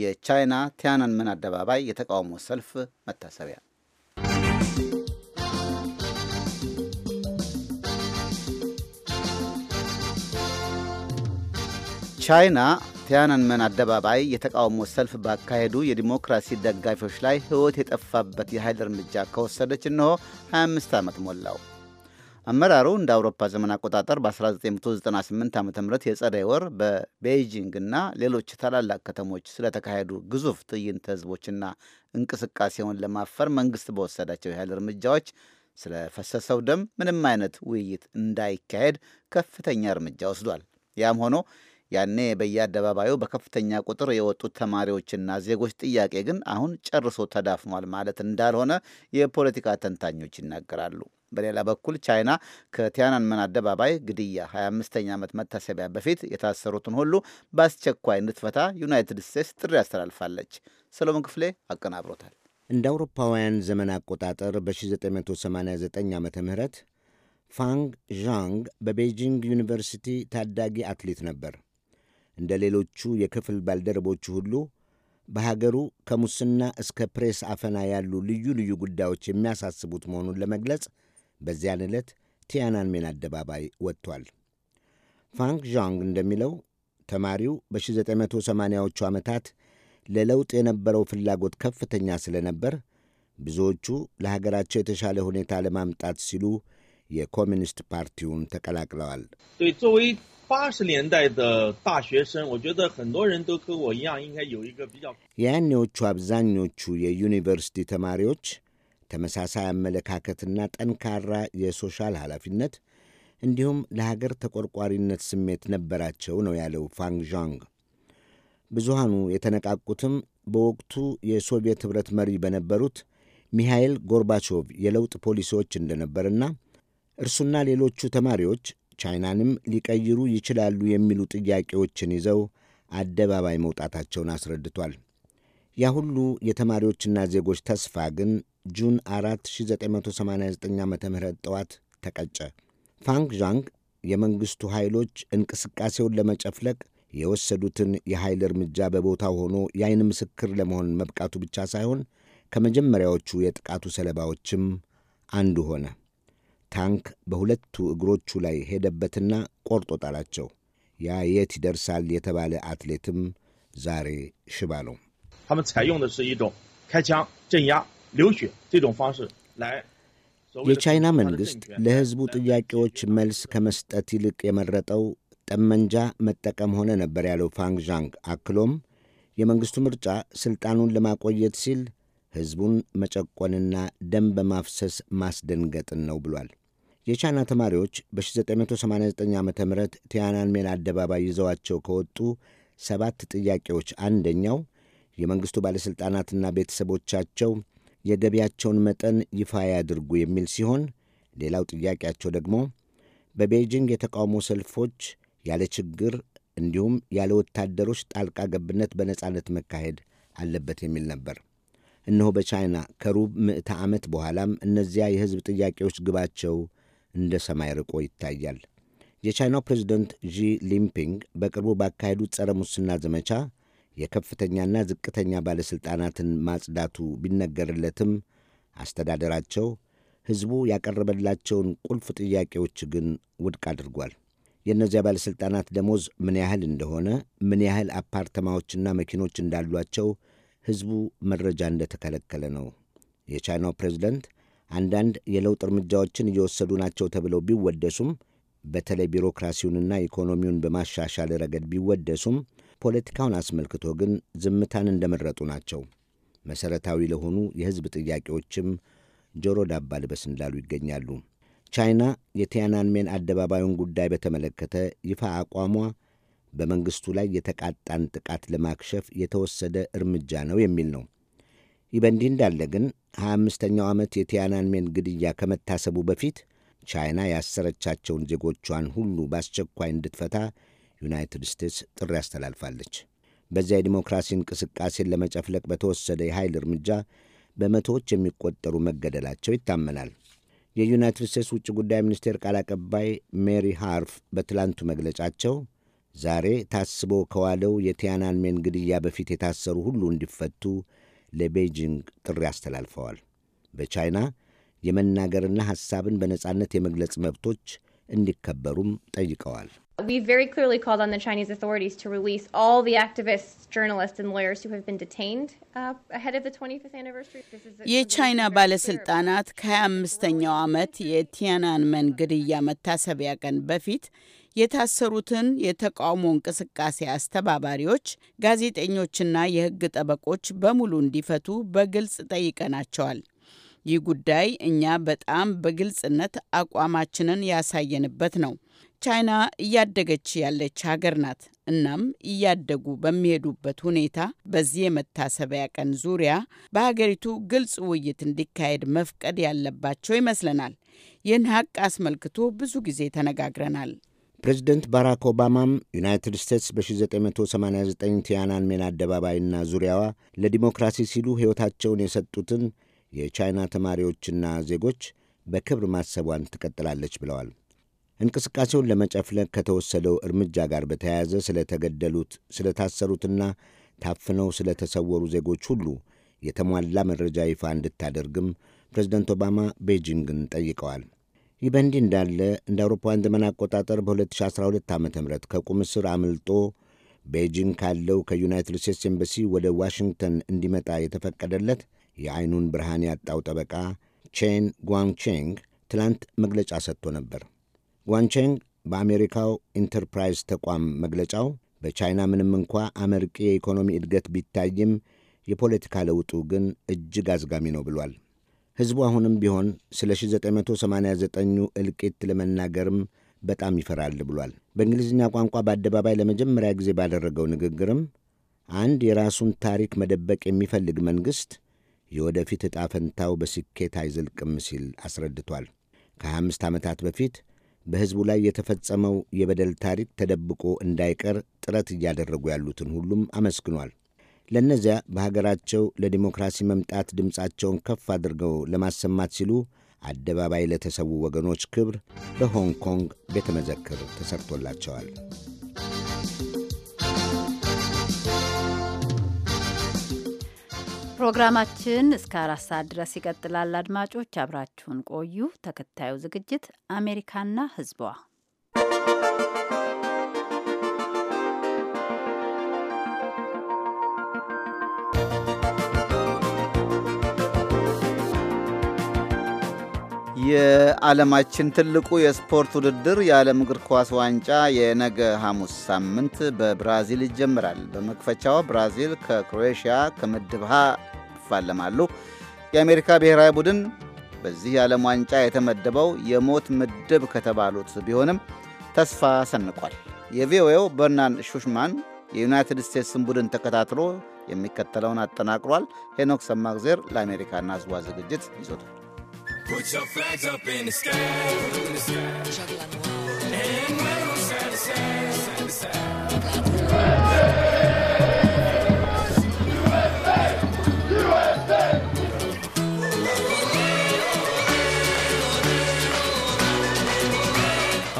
የቻይና ቲያናንመን አደባባይ የተቃውሞ ሰልፍ መታሰቢያ ቻይና ቲያናንመን አደባባይ የተቃውሞ ሰልፍ ባካሄዱ የዲሞክራሲ ደጋፊዎች ላይ ሕይወት የጠፋበት የኃይል እርምጃ ከወሰደች እነሆ 25 ዓመት ሞላው። አመራሩ እንደ አውሮፓ ዘመን አቆጣጠር በ1998 ዓ ም የጸደይ ወር በቤይጂንግ እና ሌሎች ታላላቅ ከተሞች ስለተካሄዱ ግዙፍ ትዕይንተ ህዝቦችና እንቅስቃሴውን ለማፈር መንግሥት በወሰዳቸው የኃይል እርምጃዎች ስለፈሰሰው ደም ምንም አይነት ውይይት እንዳይካሄድ ከፍተኛ እርምጃ ወስዷል። ያም ሆኖ ያኔ በየአደባባዩ በከፍተኛ ቁጥር የወጡት ተማሪዎችና ዜጎች ጥያቄ ግን አሁን ጨርሶ ተዳፍኗል ማለት እንዳልሆነ የፖለቲካ ተንታኞች ይናገራሉ። በሌላ በኩል ቻይና ከቲያናንመን አደባባይ ግድያ 25ኛ ዓመት መታሰቢያ በፊት የታሰሩትን ሁሉ በአስቸኳይ እንድትፈታ ዩናይትድ ስቴትስ ጥሪ አስተላልፋለች። ሰሎሞን ክፍሌ አቀናብሮታል። እንደ አውሮፓውያን ዘመን አቆጣጠር በ1989 ዓ ም ፋንግ ዣንግ በቤጂንግ ዩኒቨርሲቲ ታዳጊ አትሌት ነበር። እንደ ሌሎቹ የክፍል ባልደረቦቹ ሁሉ በሀገሩ ከሙስና እስከ ፕሬስ አፈና ያሉ ልዩ ልዩ ጉዳዮች የሚያሳስቡት መሆኑን ለመግለጽ በዚያን ዕለት ቲያናንሜን አደባባይ ወጥቷል። ፋንክ ዣንግ እንደሚለው ተማሪው በ1980ዎቹ ዓመታት ለለውጥ የነበረው ፍላጎት ከፍተኛ ስለነበር ብዙዎቹ ለሀገራቸው የተሻለ ሁኔታ ለማምጣት ሲሉ የኮሚኒስት ፓርቲውን ተቀላቅለዋል። 八十年代的大学生，我觉得很多人都和我一样，应该有一个比较 የያኔዎቹ አብዛኞቹ የዩኒቨርሲቲ ተማሪዎች ተመሳሳይ አመለካከትና ጠንካራ የሶሻል ኃላፊነት እንዲሁም ለሀገር ተቆርቋሪነት ስሜት ነበራቸው ነው ያለው ፋንግ ዣንግ። ብዙሃኑ የተነቃቁትም በወቅቱ የሶቪየት ኅብረት መሪ በነበሩት ሚሃኤል ጎርባቾቭ የለውጥ ፖሊሲዎች እንደነበርና እርሱና ሌሎቹ ተማሪዎች ቻይናንም ሊቀይሩ ይችላሉ የሚሉ ጥያቄዎችን ይዘው አደባባይ መውጣታቸውን አስረድቷል። ያ ሁሉ የተማሪዎችና ዜጎች ተስፋ ግን ጁን 4 1989 ዓ ም ጠዋት ተቀጨ። ፋንግ ዣንግ የመንግሥቱ ኃይሎች እንቅስቃሴውን ለመጨፍለቅ የወሰዱትን የኃይል እርምጃ በቦታው ሆኖ የአይን ምስክር ለመሆን መብቃቱ ብቻ ሳይሆን ከመጀመሪያዎቹ የጥቃቱ ሰለባዎችም አንዱ ሆነ። ታንክ በሁለቱ እግሮቹ ላይ ሄደበትና ቆርጦ ጣላቸው። ያ የት ይደርሳል የተባለ አትሌትም ዛሬ ሽባ ነው። የቻይና መንግሥት ለሕዝቡ ጥያቄዎች መልስ ከመስጠት ይልቅ የመረጠው ጠመንጃ መጠቀም ሆነ ነበር ያለው ዣንግ። አክሎም የመንግሥቱ ምርጫ ሥልጣኑን ለማቆየት ሲል ሕዝቡን መጨቆንና ደም በማፍሰስ ማስደንገጥን ነው ብሏል። የቻይና ተማሪዎች በ1989 ዓ ም ሜን አደባባይ ይዘዋቸው ከወጡ ሰባት ጥያቄዎች አንደኛው የመንግሥቱ ባለሥልጣናትና ቤተሰቦቻቸው የገቢያቸውን መጠን ይፋ ያድርጉ የሚል ሲሆን፣ ሌላው ጥያቄያቸው ደግሞ በቤይጂንግ የተቃውሞ ሰልፎች ያለ ችግር እንዲሁም ያለ ወታደሮች ጣልቃ ገብነት በነጻነት መካሄድ አለበት የሚል ነበር። እነሆ በቻይና ከሩብ ምዕተ ዓመት በኋላም እነዚያ የሕዝብ ጥያቄዎች ግባቸው እንደ ሰማይ ርቆ ይታያል። የቻይናው ፕሬዚደንት ዢ ጂንፒንግ በቅርቡ ባካሄዱት ጸረ ሙስና ዘመቻ የከፍተኛና ዝቅተኛ ባለሥልጣናትን ማጽዳቱ ቢነገርለትም አስተዳደራቸው ሕዝቡ ያቀረበላቸውን ቁልፍ ጥያቄዎች ግን ውድቅ አድርጓል። የእነዚያ ባለሥልጣናት ደሞዝ ምን ያህል እንደሆነ፣ ምን ያህል አፓርተማዎችና መኪኖች እንዳሏቸው ሕዝቡ መረጃ እንደተከለከለ ነው። የቻይናው ፕሬዚደንት አንዳንድ የለውጥ እርምጃዎችን እየወሰዱ ናቸው ተብለው ቢወደሱም በተለይ ቢሮክራሲውንና ኢኮኖሚውን በማሻሻል ረገድ ቢወደሱም ፖለቲካውን አስመልክቶ ግን ዝምታን እንደመረጡ ናቸው። መሠረታዊ ለሆኑ የሕዝብ ጥያቄዎችም ጆሮ ዳባ ልበስ እንዳሉ ይገኛሉ። ቻይና የቲያናንሜን አደባባዩን ጉዳይ በተመለከተ ይፋ አቋሟ በመንግሥቱ ላይ የተቃጣን ጥቃት ለማክሸፍ የተወሰደ እርምጃ ነው የሚል ነው። ይህ በእንዲህ እንዳለ ግን 25ኛው ዓመት የቲያናንሜን ግድያ ከመታሰቡ በፊት ቻይና ያሰረቻቸውን ዜጎቿን ሁሉ በአስቸኳይ እንድትፈታ ዩናይትድ ስቴትስ ጥሪ አስተላልፋለች። በዚያ የዲሞክራሲ እንቅስቃሴን ለመጨፍለቅ በተወሰደ የኃይል እርምጃ በመቶዎች የሚቆጠሩ መገደላቸው ይታመናል። የዩናይትድ ስቴትስ ውጭ ጉዳይ ሚኒስቴር ቃል አቀባይ ሜሪ ሃርፍ በትላንቱ መግለጫቸው ዛሬ ታስቦ ከዋለው የቲያናንሜን ግድያ በፊት የታሰሩ ሁሉ እንዲፈቱ ለቤጂንግ ጥሪ አስተላልፈዋል። በቻይና የመናገርና ሐሳብን በነጻነት የመግለጽ መብቶች እንዲከበሩም ጠይቀዋል። uh, የቻይና ባለስልጣናት ከ25ኛው ዓመት የቲያናንመን ግድያ መታሰቢያ ቀን በፊት የታሰሩትን የተቃውሞ እንቅስቃሴ አስተባባሪዎች፣ ጋዜጠኞችና የህግ ጠበቆች በሙሉ እንዲፈቱ በግልጽ ጠይቀናቸዋል። ይህ ጉዳይ እኛ በጣም በግልጽነት አቋማችንን ያሳየንበት ነው። ቻይና እያደገች ያለች ሀገር ናት። እናም እያደጉ በሚሄዱበት ሁኔታ በዚህ የመታሰቢያ ቀን ዙሪያ በሀገሪቱ ግልጽ ውይይት እንዲካሄድ መፍቀድ ያለባቸው ይመስለናል። ይህን ሀቅ አስመልክቶ ብዙ ጊዜ ተነጋግረናል። ፕሬዚደንት ባራክ ኦባማም ዩናይትድ ስቴትስ በ1989 ቲያናንሜን አደባባይና ዙሪያዋ ለዲሞክራሲ ሲሉ ሕይወታቸውን የሰጡትን የቻይና ተማሪዎችና ዜጎች በክብር ማሰቧን ትቀጥላለች ብለዋል። እንቅስቃሴውን ለመጨፍለቅ ከተወሰደው እርምጃ ጋር በተያያዘ ስለተገደሉት፣ ስለታሰሩትና ታፍነው ስለተሰወሩ ዜጎች ሁሉ የተሟላ መረጃ ይፋ እንድታደርግም ፕሬዚደንት ኦባማ ቤጂንግን ጠይቀዋል። ይህ በእንዲህ እንዳለ እንደ አውሮፓውያን ዘመን አቆጣጠር በ2012 ዓ ም ከቁም እስር አምልጦ ቤጂንግ ካለው ከዩናይትድ ስቴትስ ኤምበሲ ወደ ዋሽንግተን እንዲመጣ የተፈቀደለት የአይኑን ብርሃን ያጣው ጠበቃ ቼን ጓንቼንግ ትላንት መግለጫ ሰጥቶ ነበር። ጓንቼንግ በአሜሪካው ኢንተርፕራይዝ ተቋም መግለጫው በቻይና ምንም እንኳ አመርቂ የኢኮኖሚ እድገት ቢታይም የፖለቲካ ለውጡ ግን እጅግ አዝጋሚ ነው ብሏል። ሕዝቡ አሁንም ቢሆን ስለ 1989ኙ እልቂት ለመናገርም በጣም ይፈራል ብሏል። በእንግሊዝኛ ቋንቋ በአደባባይ ለመጀመሪያ ጊዜ ባደረገው ንግግርም አንድ የራሱን ታሪክ መደበቅ የሚፈልግ መንግሥት የወደፊት ዕጣ ፈንታው በስኬት አይዘልቅም ሲል አስረድቷል። ከ25 ዓመታት በፊት በሕዝቡ ላይ የተፈጸመው የበደል ታሪክ ተደብቆ እንዳይቀር ጥረት እያደረጉ ያሉትን ሁሉም አመስግኗል። ለእነዚያ በሀገራቸው ለዲሞክራሲ መምጣት ድምፃቸውን ከፍ አድርገው ለማሰማት ሲሉ አደባባይ ለተሰዉ ወገኖች ክብር በሆንግ ኮንግ ቤተ መዘክር ተሰርቶላቸዋል። ፕሮግራማችን እስከ አራት ሰዓት ድረስ ይቀጥላል። አድማጮች አብራችሁን ቆዩ። ተከታዩ ዝግጅት አሜሪካና ሕዝቧ የዓለማችን ትልቁ የስፖርት ውድድር የዓለም እግር ኳስ ዋንጫ የነገ ሐሙስ ሳምንት በብራዚል ይጀምራል። በመክፈቻው ብራዚል ከክሮኤሽያ ከምድብ ሀ ይፋለማሉ። የአሜሪካ ብሔራዊ ቡድን በዚህ የዓለም ዋንጫ የተመደበው የሞት ምድብ ከተባሉት ቢሆንም ተስፋ ሰንቋል። የቪኦኤው በርናን ሹሽማን የዩናይትድ ስቴትስን ቡድን ተከታትሎ የሚከተለውን አጠናቅሯል። ሄኖክ ሰማግዜር ለአሜሪካና ህዝቧ ዝግጅት ይዞታል። Put your flags up in the sky. And wave them side to side,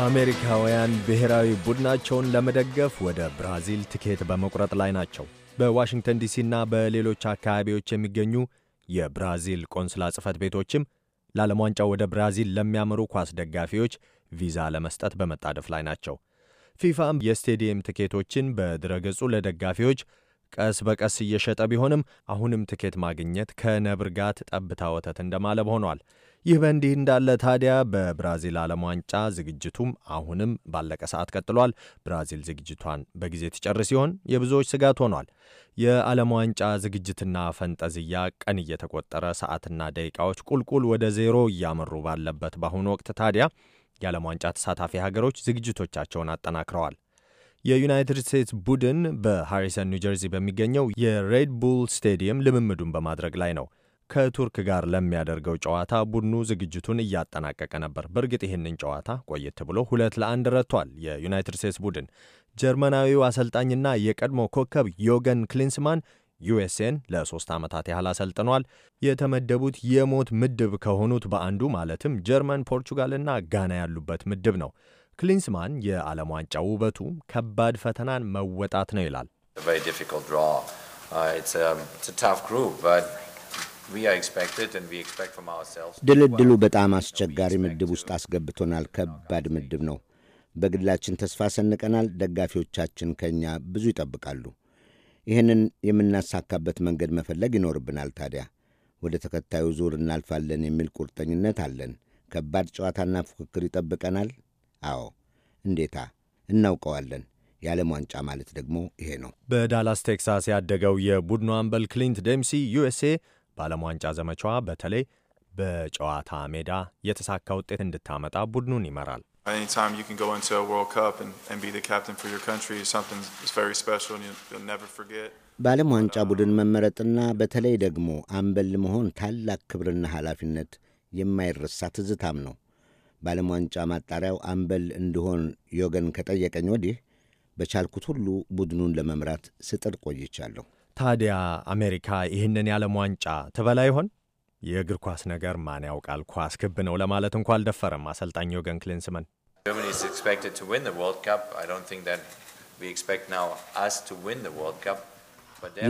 አሜሪካውያን ብሔራዊ ቡድናቸውን ለመደገፍ ወደ ብራዚል ትኬት በመቁረጥ ላይ ናቸው። በዋሽንግተን ዲሲ እና በሌሎች አካባቢዎች የሚገኙ የብራዚል ቆንስላ ጽፈት ቤቶችም ለዓለም ዋንጫው ወደ ብራዚል ለሚያመሩ ኳስ ደጋፊዎች ቪዛ ለመስጠት በመጣደፍ ላይ ናቸው። ፊፋም የስቴዲየም ትኬቶችን በድረገጹ ለደጋፊዎች ቀስ በቀስ እየሸጠ ቢሆንም አሁንም ትኬት ማግኘት ከነብር ጋት ጠብታ ወተት እንደማለብ ሆኗል። ይህ በእንዲህ እንዳለ ታዲያ በብራዚል ዓለም ዋንጫ ዝግጅቱም አሁንም ባለቀ ሰዓት ቀጥሏል። ብራዚል ዝግጅቷን በጊዜ ትጨርስ ሲሆን የብዙዎች ስጋት ሆኗል። የዓለም ዋንጫ ዝግጅትና ፈንጠዝያ ቀን እየተቆጠረ ሰዓትና ደቂቃዎች ቁልቁል ወደ ዜሮ እያመሩ ባለበት በአሁኑ ወቅት ታዲያ የዓለም ዋንጫ ተሳታፊ ሀገሮች ዝግጅቶቻቸውን አጠናክረዋል። የዩናይትድ ስቴትስ ቡድን በሃሪሰን ኒው ጀርዚ በሚገኘው የሬድ ቡል ስቴዲየም ልምምዱን በማድረግ ላይ ነው። ከቱርክ ጋር ለሚያደርገው ጨዋታ ቡድኑ ዝግጅቱን እያጠናቀቀ ነበር። በእርግጥ ይህንን ጨዋታ ቆየት ብሎ ሁለት ለአንድ ረቷል የዩናይትድ ስቴትስ ቡድን። ጀርመናዊው አሰልጣኝና የቀድሞ ኮከብ ዮገን ክሊንስማን ዩኤስኤን ለሶስት ዓመታት ያህል አሰልጥኗል። የተመደቡት የሞት ምድብ ከሆኑት በአንዱ ማለትም ጀርመን፣ ፖርቹጋልና ጋና ያሉበት ምድብ ነው። ክሊንስማን የዓለም ዋንጫ ውበቱ ከባድ ፈተናን መወጣት ነው ይላል። uh, um, ድልድሉ በጣም አስቸጋሪ ምድብ ውስጥ አስገብቶናል። ከባድ ምድብ ነው። በግላችን ተስፋ ሰንቀናል። ደጋፊዎቻችን ከእኛ ብዙ ይጠብቃሉ። ይህንን የምናሳካበት መንገድ መፈለግ ይኖርብናል። ታዲያ ወደ ተከታዩ ዙር እናልፋለን የሚል ቁርጠኝነት አለን። ከባድ ጨዋታና ፉክክር ይጠብቀናል። አዎ እንዴታ እናውቀዋለን። የዓለም ዋንጫ ማለት ደግሞ ይሄ ነው። በዳላስ ቴክሳስ ያደገው የቡድኑ አምበል ክሊንት ደምሲ ዩኤስኤ በዓለም ዋንጫ ዘመቻዋ በተለይ በጨዋታ ሜዳ የተሳካ ውጤት እንድታመጣ ቡድኑን ይመራል። በዓለም ዋንጫ ቡድን መመረጥና በተለይ ደግሞ አምበል መሆን ታላቅ ክብርና ኃላፊነት የማይረሳ ትዝታም ነው። በዓለም ዋንጫ ማጣሪያው አምበል እንድሆን ዮገን ከጠየቀኝ ወዲህ በቻልኩት ሁሉ ቡድኑን ለመምራት ስጥር ቆይቻለሁ። ታዲያ አሜሪካ ይህንን የዓለም ዋንጫ ትበላ ይሆን? የእግር ኳስ ነገር ማን ያውቃል? ኳስ ክብ ነው ለማለት እንኳ አልደፈረም አሰልጣኝ ዮገን ክሊንስመን።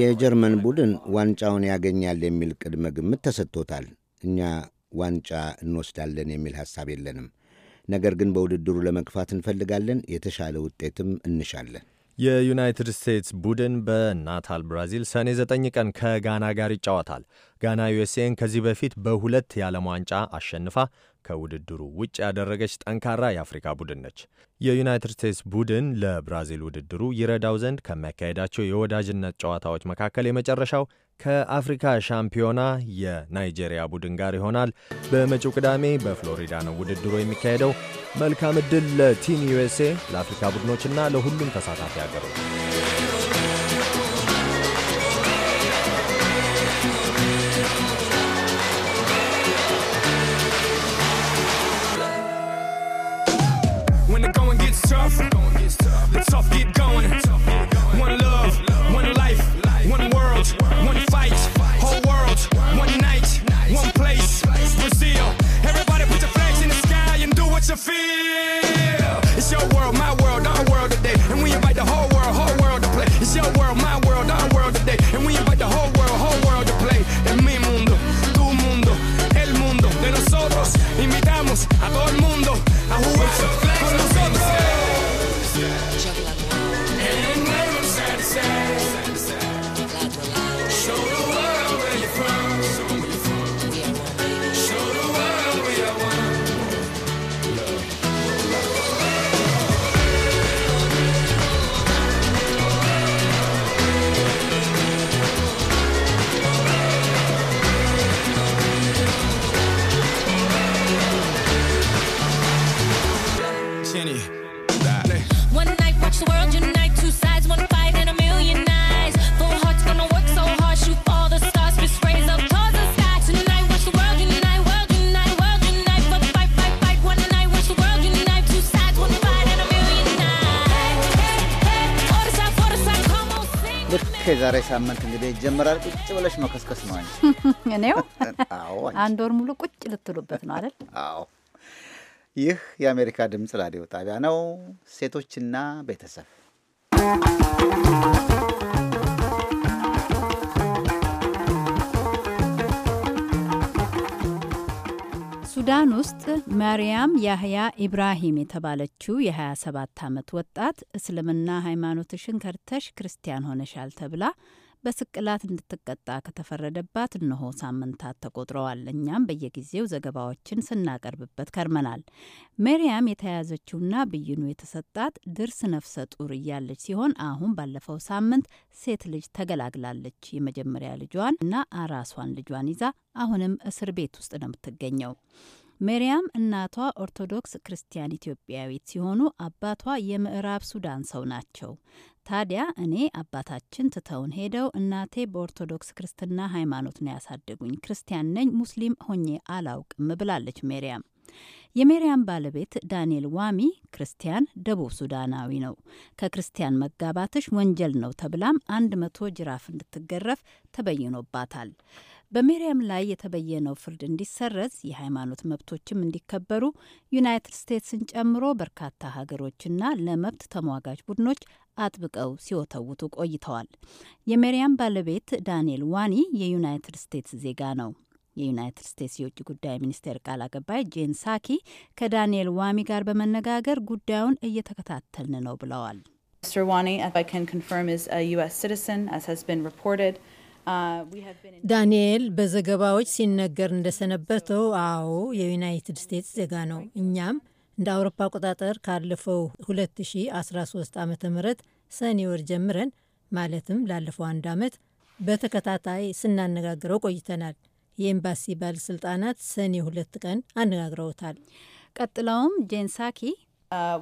የጀርመን ቡድን ዋንጫውን ያገኛል የሚል ቅድመ ግምት ተሰጥቶታል። እኛ ዋንጫ እንወስዳለን የሚል ሐሳብ የለንም። ነገር ግን በውድድሩ ለመግፋት እንፈልጋለን። የተሻለ ውጤትም እንሻለን። የዩናይትድ ስቴትስ ቡድን በናታል ብራዚል ሰኔ 9 ቀን ከጋና ጋር ይጫወታል። ጋና ዩኤስኤን ከዚህ በፊት በሁለት የዓለም ዋንጫ አሸንፋ ከውድድሩ ውጭ ያደረገች ጠንካራ የአፍሪካ ቡድን ነች። የዩናይትድ ስቴትስ ቡድን ለብራዚል ውድድሩ ይረዳው ዘንድ ከሚያካሄዳቸው የወዳጅነት ጨዋታዎች መካከል የመጨረሻው ከአፍሪካ ሻምፒዮና የናይጄሪያ ቡድን ጋር ይሆናል። በመጪው ቅዳሜ በፍሎሪዳ ነው ውድድሩ የሚካሄደው። መልካም ዕድል ለቲም ዩኤስኤ፣ ለአፍሪካ ቡድኖችና ለሁሉም ተሳታፊ አገሮች። feel የዛሬ ሳምንት እንግዲህ ይጀምራል። ቁጭ ብለሽ መከስከስ ነው አንቺ። እኔው አንድ ወር ሙሉ ቁጭ ልትሉበት ነው አይደል? አዎ። ይህ የአሜሪካ ድምፅ ራዲዮ ጣቢያ ነው። ሴቶችና ቤተሰብ ሱዳን ውስጥ መርያም ያህያ ኢብራሂም የተባለችው የ27 ዓመት ወጣት እስልምና ሃይማኖትሽን ከርተሽ ክርስቲያን ሆነሻል ተብላ በስቅላት እንድትቀጣ ከተፈረደባት እነሆ ሳምንታት ተቆጥረዋል። እኛም በየጊዜው ዘገባዎችን ስናቀርብበት ከርመናል። ሜሪያም የተያዘችውና ብይኑ የተሰጣት ድርስ ነፍሰ ጡር እያለች ሲሆን አሁን ባለፈው ሳምንት ሴት ልጅ ተገላግላለች። የመጀመሪያ ልጇን እና አራሷን ልጇን ይዛ አሁንም እስር ቤት ውስጥ ነው የምትገኘው። ሜሪያም እናቷ ኦርቶዶክስ ክርስቲያን ኢትዮጵያዊት ሲሆኑ አባቷ የምዕራብ ሱዳን ሰው ናቸው። ታዲያ እኔ አባታችን ትተውን ሄደው እናቴ በኦርቶዶክስ ክርስትና ሃይማኖት ነው ያሳደጉኝ። ክርስቲያን ነኝ፣ ሙስሊም ሆኜ አላውቅም ብላለች ሜሪያም። የሜሪያም ባለቤት ዳንኤል ዋሚ ክርስቲያን ደቡብ ሱዳናዊ ነው። ከክርስቲያን መጋባትሽ ወንጀል ነው ተብላም አንድ መቶ ጅራፍ እንድትገረፍ ተበይኖባታል። በሜሪያም ላይ የተበየነው ፍርድ እንዲሰረዝ፣ የሃይማኖት መብቶችም እንዲከበሩ ዩናይትድ ስቴትስን ጨምሮ በርካታ ሀገሮችና ለመብት ተሟጋች ቡድኖች አጥብቀው ሲወተውቱ ቆይተዋል። የሜሪያም ባለቤት ዳንኤል ዋኒ የዩናይትድ ስቴትስ ዜጋ ነው። የዩናይትድ ስቴትስ የውጭ ጉዳይ ሚኒስቴር ቃል አቀባይ ጄን ሳኪ ከዳንኤል ዋሚ ጋር በመነጋገር ጉዳዩን እየተከታተልን ነው ብለዋል። Uh, ዳንኤል በዘገባዎች ሲነገር እንደሰነበተው አዎ የዩናይትድ ስቴትስ ዜጋ ነው። እኛም እንደ አውሮፓ አቆጣጠር ካለፈው 2013 ዓ ም ሰኔ ወር ጀምረን ማለትም ላለፈው አንድ ዓመት በተከታታይ ስናነጋግረው ቆይተናል። የኤምባሲ ባለስልጣናት ሰኔ ሁለት ቀን አነጋግረውታል። ቀጥለውም ጄንሳኪ uh,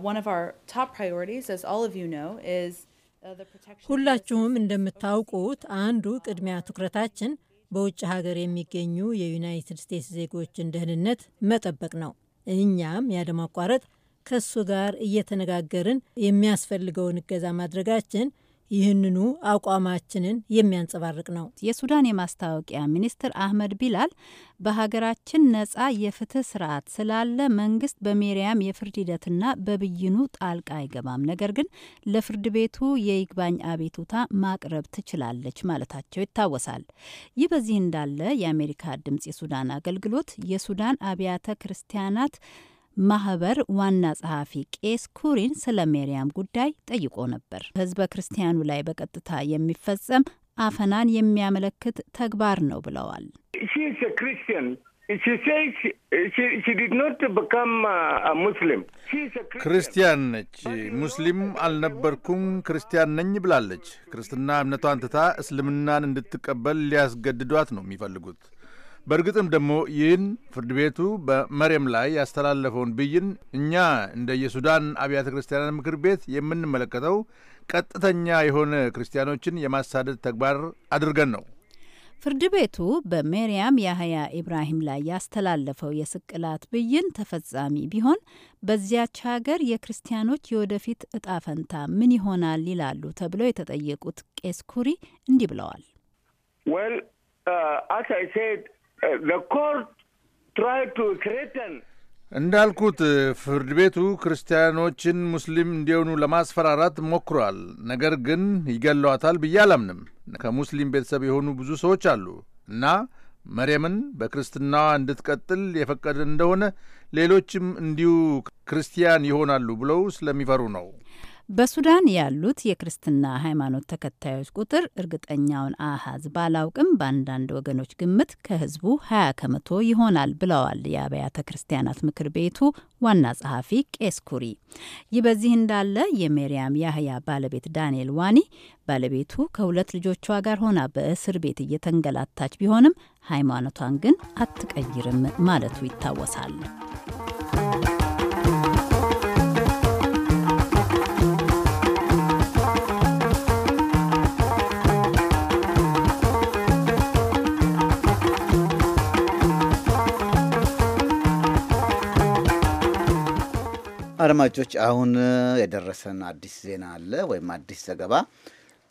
ሁላችሁም እንደምታውቁት አንዱ ቅድሚያ ትኩረታችን በውጭ ሀገር የሚገኙ የዩናይትድ ስቴትስ ዜጎችን ደህንነት መጠበቅ ነው። እኛም ያለማቋረጥ ከእሱ ጋር እየተነጋገርን የሚያስፈልገውን እገዛ ማድረጋችን ይህንኑ አቋማችንን የሚያንጸባርቅ ነው። የሱዳን የማስታወቂያ ሚኒስትር አህመድ ቢላል በሀገራችን ነጻ የፍትህ ስርዓት ስላለ መንግስት በሜሪያም የፍርድ ሂደትና በብይኑ ጣልቃ አይገባም፣ ነገር ግን ለፍርድ ቤቱ የይግባኝ አቤቱታ ማቅረብ ትችላለች ማለታቸው ይታወሳል። ይህ በዚህ እንዳለ የአሜሪካ ድምጽ የሱዳን አገልግሎት የሱዳን አብያተ ክርስቲያናት ማህበር ዋና ጸሐፊ ቄስ ኩሪን ስለ ሜሪያም ጉዳይ ጠይቆ ነበር። ህዝበ ክርስቲያኑ ላይ በቀጥታ የሚፈጸም አፈናን የሚያመለክት ተግባር ነው ብለዋል። ክርስቲያን ነች። ሙስሊም አልነበርኩም፣ ክርስቲያን ነኝ ብላለች። ክርስትና እምነቷን ትታ እስልምናን እንድትቀበል ሊያስገድዷት ነው የሚፈልጉት። በእርግጥም ደግሞ ይህን ፍርድ ቤቱ በመሬም ላይ ያስተላለፈውን ብይን እኛ እንደ የሱዳን አብያተ ክርስቲያናት ምክር ቤት የምንመለከተው ቀጥተኛ የሆነ ክርስቲያኖችን የማሳደድ ተግባር አድርገን ነው። ፍርድ ቤቱ በሜርያም ያህያ ኢብራሂም ላይ ያስተላለፈው የስቅላት ብይን ተፈጻሚ ቢሆን በዚያች ሀገር የክርስቲያኖች የወደፊት እጣ ፈንታ ምን ይሆናል ይላሉ ተብለው የተጠየቁት ቄስ ኩሪ እንዲህ ብለዋል። uh, Uh, እንዳልኩት uh, ፍርድ ቤቱ ክርስቲያኖችን ሙስሊም እንዲሆኑ ለማስፈራራት ሞክሯል። ነገር ግን ይገለዋታል ብዬ አላምንም። ከሙስሊም ቤተሰብ የሆኑ ብዙ ሰዎች አሉ እና መርየምን በክርስትናዋ እንድትቀጥል የፈቀደ እንደሆነ ሌሎችም እንዲሁ ክርስቲያን ይሆናሉ ብለው ስለሚፈሩ ነው። በሱዳን ያሉት የክርስትና ሃይማኖት ተከታዮች ቁጥር እርግጠኛውን አሃዝ ባላውቅም በአንዳንድ ወገኖች ግምት ከህዝቡ 20 ከመቶ ይሆናል ብለዋል የአብያተ ክርስቲያናት ምክር ቤቱ ዋና ጸሐፊ ቄስ ኩሪ። ይህ በዚህ እንዳለ የሜሪያም ያህያ ባለቤት ዳንኤል ዋኒ ባለቤቱ ከሁለት ልጆቿ ጋር ሆና በእስር ቤት እየተንገላታች ቢሆንም ሃይማኖቷን ግን አትቀይርም ማለቱ ይታወሳል። አድማጮች አሁን የደረሰን አዲስ ዜና አለ ወይም አዲስ ዘገባ።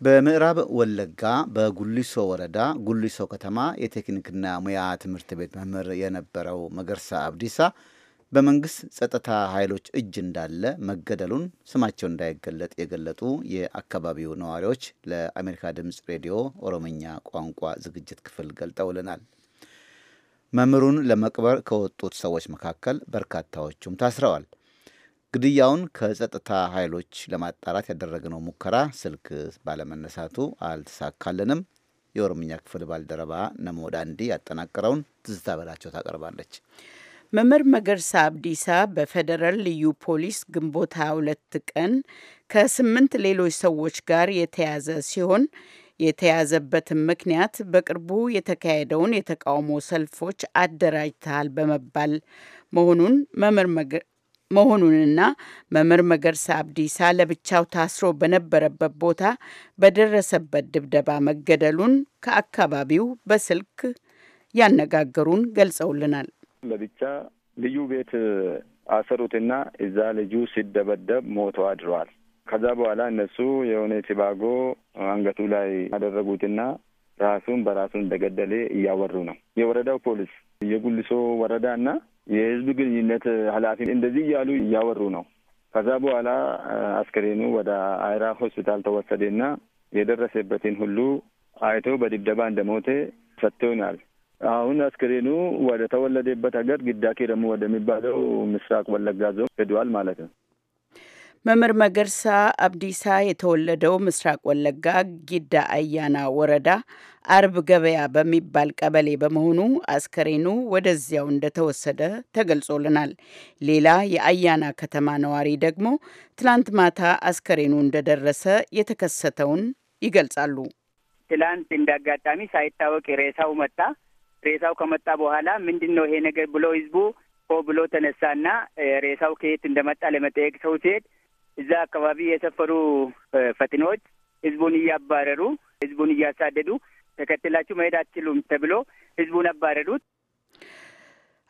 በምዕራብ ወለጋ በጉሊሶ ወረዳ ጉሊሶ ከተማ የቴክኒክና ሙያ ትምህርት ቤት መምህር የነበረው መገርሳ አብዲሳ በመንግስት ጸጥታ ኃይሎች እጅ እንዳለ መገደሉን ስማቸው እንዳይገለጥ የገለጡ የአካባቢው ነዋሪዎች ለአሜሪካ ድምፅ ሬዲዮ ኦሮምኛ ቋንቋ ዝግጅት ክፍል ገልጠውልናል። መምህሩን ለመቅበር ከወጡት ሰዎች መካከል በርካታዎቹም ታስረዋል። ግድያውን ከጸጥታ ኃይሎች ለማጣራት ያደረግነው ሙከራ ስልክ ባለመነሳቱ አልተሳካልንም። የኦሮምኛ ክፍል ባልደረባ ነሞዳንዲ ያጠናቀረውን ትዝታ በላቸው ታቀርባለች። መምህር መገርሳ አብዲሳ በፌዴራል ልዩ ፖሊስ ግንቦት 22 ቀን ከስምንት ሌሎች ሰዎች ጋር የተያዘ ሲሆን የተያዘበትን ምክንያት በቅርቡ የተካሄደውን የተቃውሞ ሰልፎች አደራጅተሃል በመባል መሆኑን መሆኑንና መምህር መገርሳ አብዲሳ ለብቻው ታስሮ በነበረበት ቦታ በደረሰበት ድብደባ መገደሉን ከአካባቢው በስልክ ያነጋገሩን ገልጸውልናል። ለብቻ ልዩ ቤት አሰሩትና እዛ ልጁ ሲደበደብ ሞቶ አድረዋል። ከዛ በኋላ እነሱ የሆነ ቲባጎ አንገቱ ላይ ያደረጉትና ራሱን በራሱ እንደገደለ እያወሩ ነው። የወረዳው ፖሊስ የጉልሶ ወረዳና የህዝብ ግንኙነት ኃላፊ እንደዚህ እያሉ እያወሩ ነው። ከዛ በኋላ አስክሬኑ ወደ አይራ ሆስፒታል ተወሰደና የደረሰበትን ሁሉ አይቶ በድብደባ እንደሞተ ሰጥቶናል። አሁን አስክሬኑ ወደ ተወለደበት ሀገር ግዳኬ ደግሞ ወደሚባለው ምስራቅ ወለጋ ዞን ሄደዋል ማለት ነው። መምህር መገርሳ አብዲሳ የተወለደው ምስራቅ ወለጋ ጊዳ አያና ወረዳ አርብ ገበያ በሚባል ቀበሌ በመሆኑ አስከሬኑ ወደዚያው እንደተወሰደ ተገልጾልናል። ሌላ የአያና ከተማ ነዋሪ ደግሞ ትላንት ማታ አስከሬኑ እንደደረሰ የተከሰተውን ይገልጻሉ። ትላንት እንዳጋጣሚ ሳይታወቅ ሬሳው መጣ። ሬሳው ከመጣ በኋላ ምንድን ነው ይሄ ነገር ብሎ ህዝቡ ሆ ብሎ ተነሳና ሬሳው ከየት እንደመጣ ለመጠየቅ ሰው ሲሄድ እዛ አካባቢ የሰፈሩ ፈጥኖች ህዝቡን እያባረሩ ህዝቡን እያሳደዱ ተከትላችሁ መሄድ አትችሉም ተብሎ ህዝቡን አባረሩት።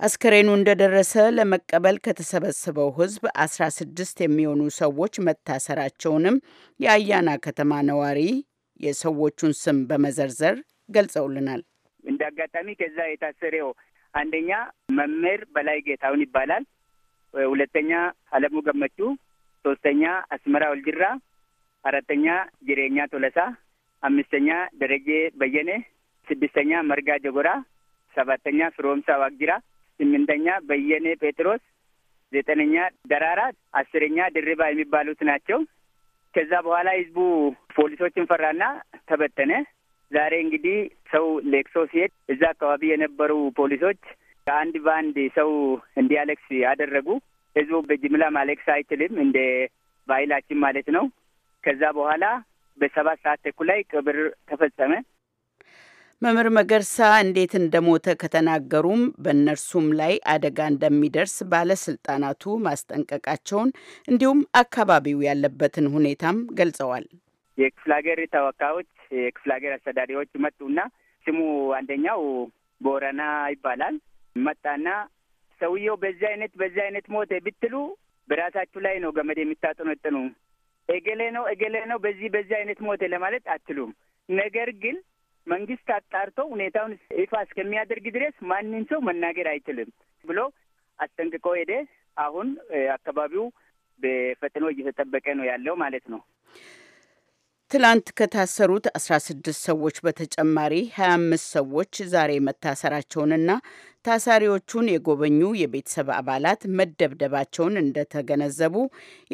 አስከሬኑ እንደደረሰ ለመቀበል ከተሰበሰበው ህዝብ ስድስት የሚሆኑ ሰዎች መታሰራቸውንም የአያና ከተማ ነዋሪ የሰዎቹን ስም በመዘርዘር ገልጸውልናል። እንደ አጋጣሚ ከዛ የታሰረው አንደኛ መምህር በላይ ጌታሁን ይባላል። ሁለተኛ አለሙ ገመቹ፣ ሶስተኛ አስመራ ወልጅራ፣ አራተኛ ጅሬኛ ቶለሳ፣ አምስተኛ ደረጀ በየነ፣ ስድስተኛ መርጋ ጀጎራ፣ ሰባተኛ ፍሮምሳ ዋጊራ ስምንተኛ በየነ ጴጥሮስ፣ ዘጠነኛ ደራራ፣ አስረኛ ድርባ የሚባሉት ናቸው። ከዛ በኋላ ህዝቡ ፖሊሶችን ፈራና ተበተነ። ዛሬ እንግዲህ ሰው ሌክሶ ሲሄድ እዛ አካባቢ የነበሩ ፖሊሶች ከአንድ በአንድ ሰው እንዲያለክስ አደረጉ። ህዝቡ በጅምላ ማለቅስ አይችልም እንደ ባህላችን ማለት ነው። ከዛ በኋላ በሰባት ሰዓት ተኩል ላይ ቅብር ተፈጸመ። መምህር መገርሳ እንዴት እንደሞተ ከተናገሩም በእነርሱም ላይ አደጋ እንደሚደርስ ባለስልጣናቱ ማስጠንቀቃቸውን እንዲሁም አካባቢው ያለበትን ሁኔታም ገልጸዋል። የክፍለ ሀገር ተወካዮች፣ የክፍለ ሀገር አስተዳዳሪዎች መጡና ስሙ አንደኛው ቦረና ይባላል መጣና ሰውየው በዚህ አይነት በዚህ አይነት ሞተ ብትሉ በራሳችሁ ላይ ነው ገመድ የምታጠነጥኑ። እገሌ ነው እገሌ ነው በዚህ በዚህ አይነት ሞተ ለማለት አትሉም። ነገር ግን መንግስት አጣርቶ ሁኔታውን ይፋ እስከሚያደርግ ድረስ ማንም ሰው መናገር አይችልም ብሎ አስጠንቅቆ ሄደ። አሁን አካባቢው በፈጥኖ እየተጠበቀ ነው ያለው ማለት ነው። ትላንት ከታሰሩት 16 ሰዎች በተጨማሪ 25 ሰዎች ዛሬ መታሰራቸውንና ታሳሪዎቹን የጎበኙ የቤተሰብ አባላት መደብደባቸውን እንደተገነዘቡ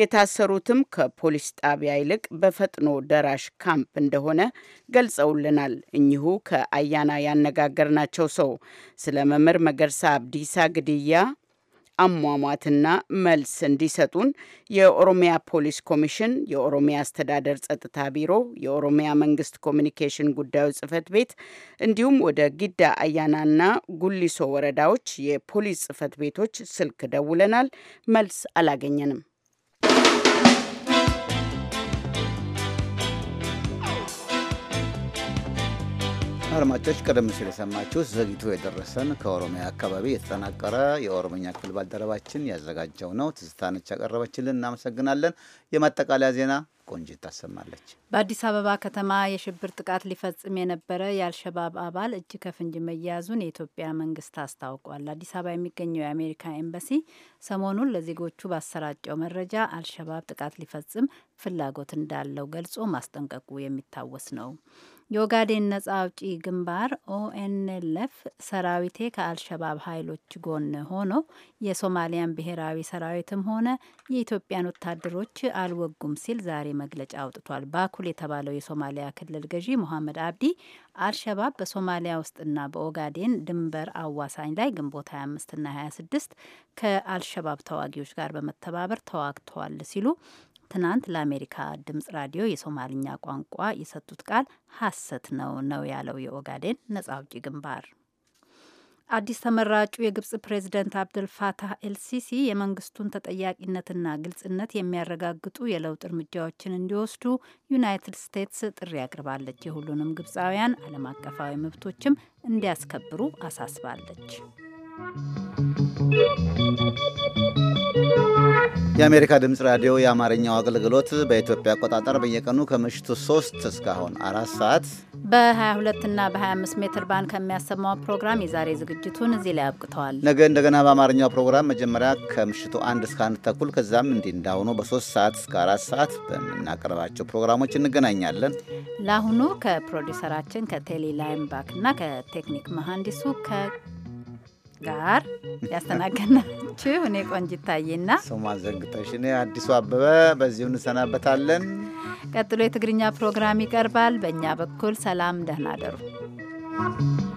የታሰሩትም ከፖሊስ ጣቢያ ይልቅ በፈጥኖ ደራሽ ካምፕ እንደሆነ ገልጸውልናል። እኚሁ ከአያና ያነጋገርናቸው ሰው ስለ መምህር መገርሳ አብዲሳ ግድያ አሟሟትና መልስ እንዲሰጡን የኦሮሚያ ፖሊስ ኮሚሽን፣ የኦሮሚያ አስተዳደር ጸጥታ ቢሮ፣ የኦሮሚያ መንግስት ኮሚኒኬሽን ጉዳዮች ጽህፈት ቤት እንዲሁም ወደ ጊዳ አያናና ጉሊሶ ወረዳዎች የፖሊስ ጽህፈት ቤቶች ስልክ ደውለናል። መልስ አላገኘንም። አድማጮች ቀደም ሲል የሰማችሁ ዘግይቶ የደረሰን ከኦሮሚያ አካባቢ የተጠናቀረ የኦሮምኛ ክፍል ባልደረባችን ያዘጋጀው ነው። ትዝታነች ያቀረበችልን። እናመሰግናለን። የማጠቃለያ ዜና ቆንጂት ታሰማለች። በአዲስ አበባ ከተማ የሽብር ጥቃት ሊፈጽም የነበረ የአልሸባብ አባል እጅ ከፍንጅ መያያዙን የኢትዮጵያ መንግስት አስታውቋል። አዲስ አበባ የሚገኘው የአሜሪካ ኤምባሲ ሰሞኑን ለዜጎቹ ባሰራጨው መረጃ አልሸባብ ጥቃት ሊፈጽም ፍላጎት እንዳለው ገልጾ ማስጠንቀቁ የሚታወስ ነው። የኦጋዴን ነጻ አውጪ ግንባር ኦኤንኤልኤፍ ሰራዊቴ ከአልሸባብ ኃይሎች ጎን ሆኖ የሶማሊያን ብሔራዊ ሰራዊትም ሆነ የኢትዮጵያን ወታደሮች አልወጉም ሲል ዛሬ መግለጫ አውጥቷል። ባኩል የተባለው የሶማሊያ ክልል ገዢ ሞሐመድ አብዲ አልሸባብ በሶማሊያ ውስጥና በኦጋዴን ድንበር አዋሳኝ ላይ ግንቦት 25ና 26 ከአልሸባብ ተዋጊዎች ጋር በመተባበር ተዋግተዋል ሲሉ ትናንት ለአሜሪካ ድምጽ ራዲዮ የሶማልኛ ቋንቋ የሰጡት ቃል ሐሰት ነው ነው ያለው የኦጋዴን ነጻ አውጪ ግንባር አዲስ ተመራጩ የግብጽ ፕሬዝደንት አብደል ፋታህ ኤልሲሲ የመንግስቱን ተጠያቂነትና ግልጽነት የሚያረጋግጡ የለውጥ እርምጃዎችን እንዲወስዱ ዩናይትድ ስቴትስ ጥሪ አቅርባለች። የሁሉንም ግብፃውያን ዓለም አቀፋዊ መብቶችም እንዲያስከብሩ አሳስባለች። የአሜሪካ ድምፅ ራዲዮ የአማርኛው አገልግሎት በኢትዮጵያ አቆጣጠር በየቀኑ ከምሽቱ 3 እስካሁን አራት ሰዓት በ22 እና በ25 ሜትር ባንድ ከሚያሰማው ፕሮግራም የዛሬ ዝግጅቱን እዚህ ላይ አብቅተዋል። ነገ እንደገና በአማርኛው ፕሮግራም መጀመሪያ ከምሽቱ አንድ እስከ አንድ ተኩል ከዛም እንዲህ እንዳሁኑ በ3 ሰዓት እስከ አራት ሰዓት በምናቀርባቸው ፕሮግራሞች እንገናኛለን። ለአሁኑ ከፕሮዲውሰራችን ከቴሌ ላይምባክ እና ከቴክኒክ መሐንዲሱ ከ ጋር ያስተናገናችሁ እኔ ቆንጂት ታዬና ስሟን ዘንግተሽ እኔ አዲሱ አበበ በዚሁ እንሰናበታለን። ቀጥሎ የትግርኛ ፕሮግራም ይቀርባል። በእኛ በኩል ሰላም፣ ደህና አደሩ።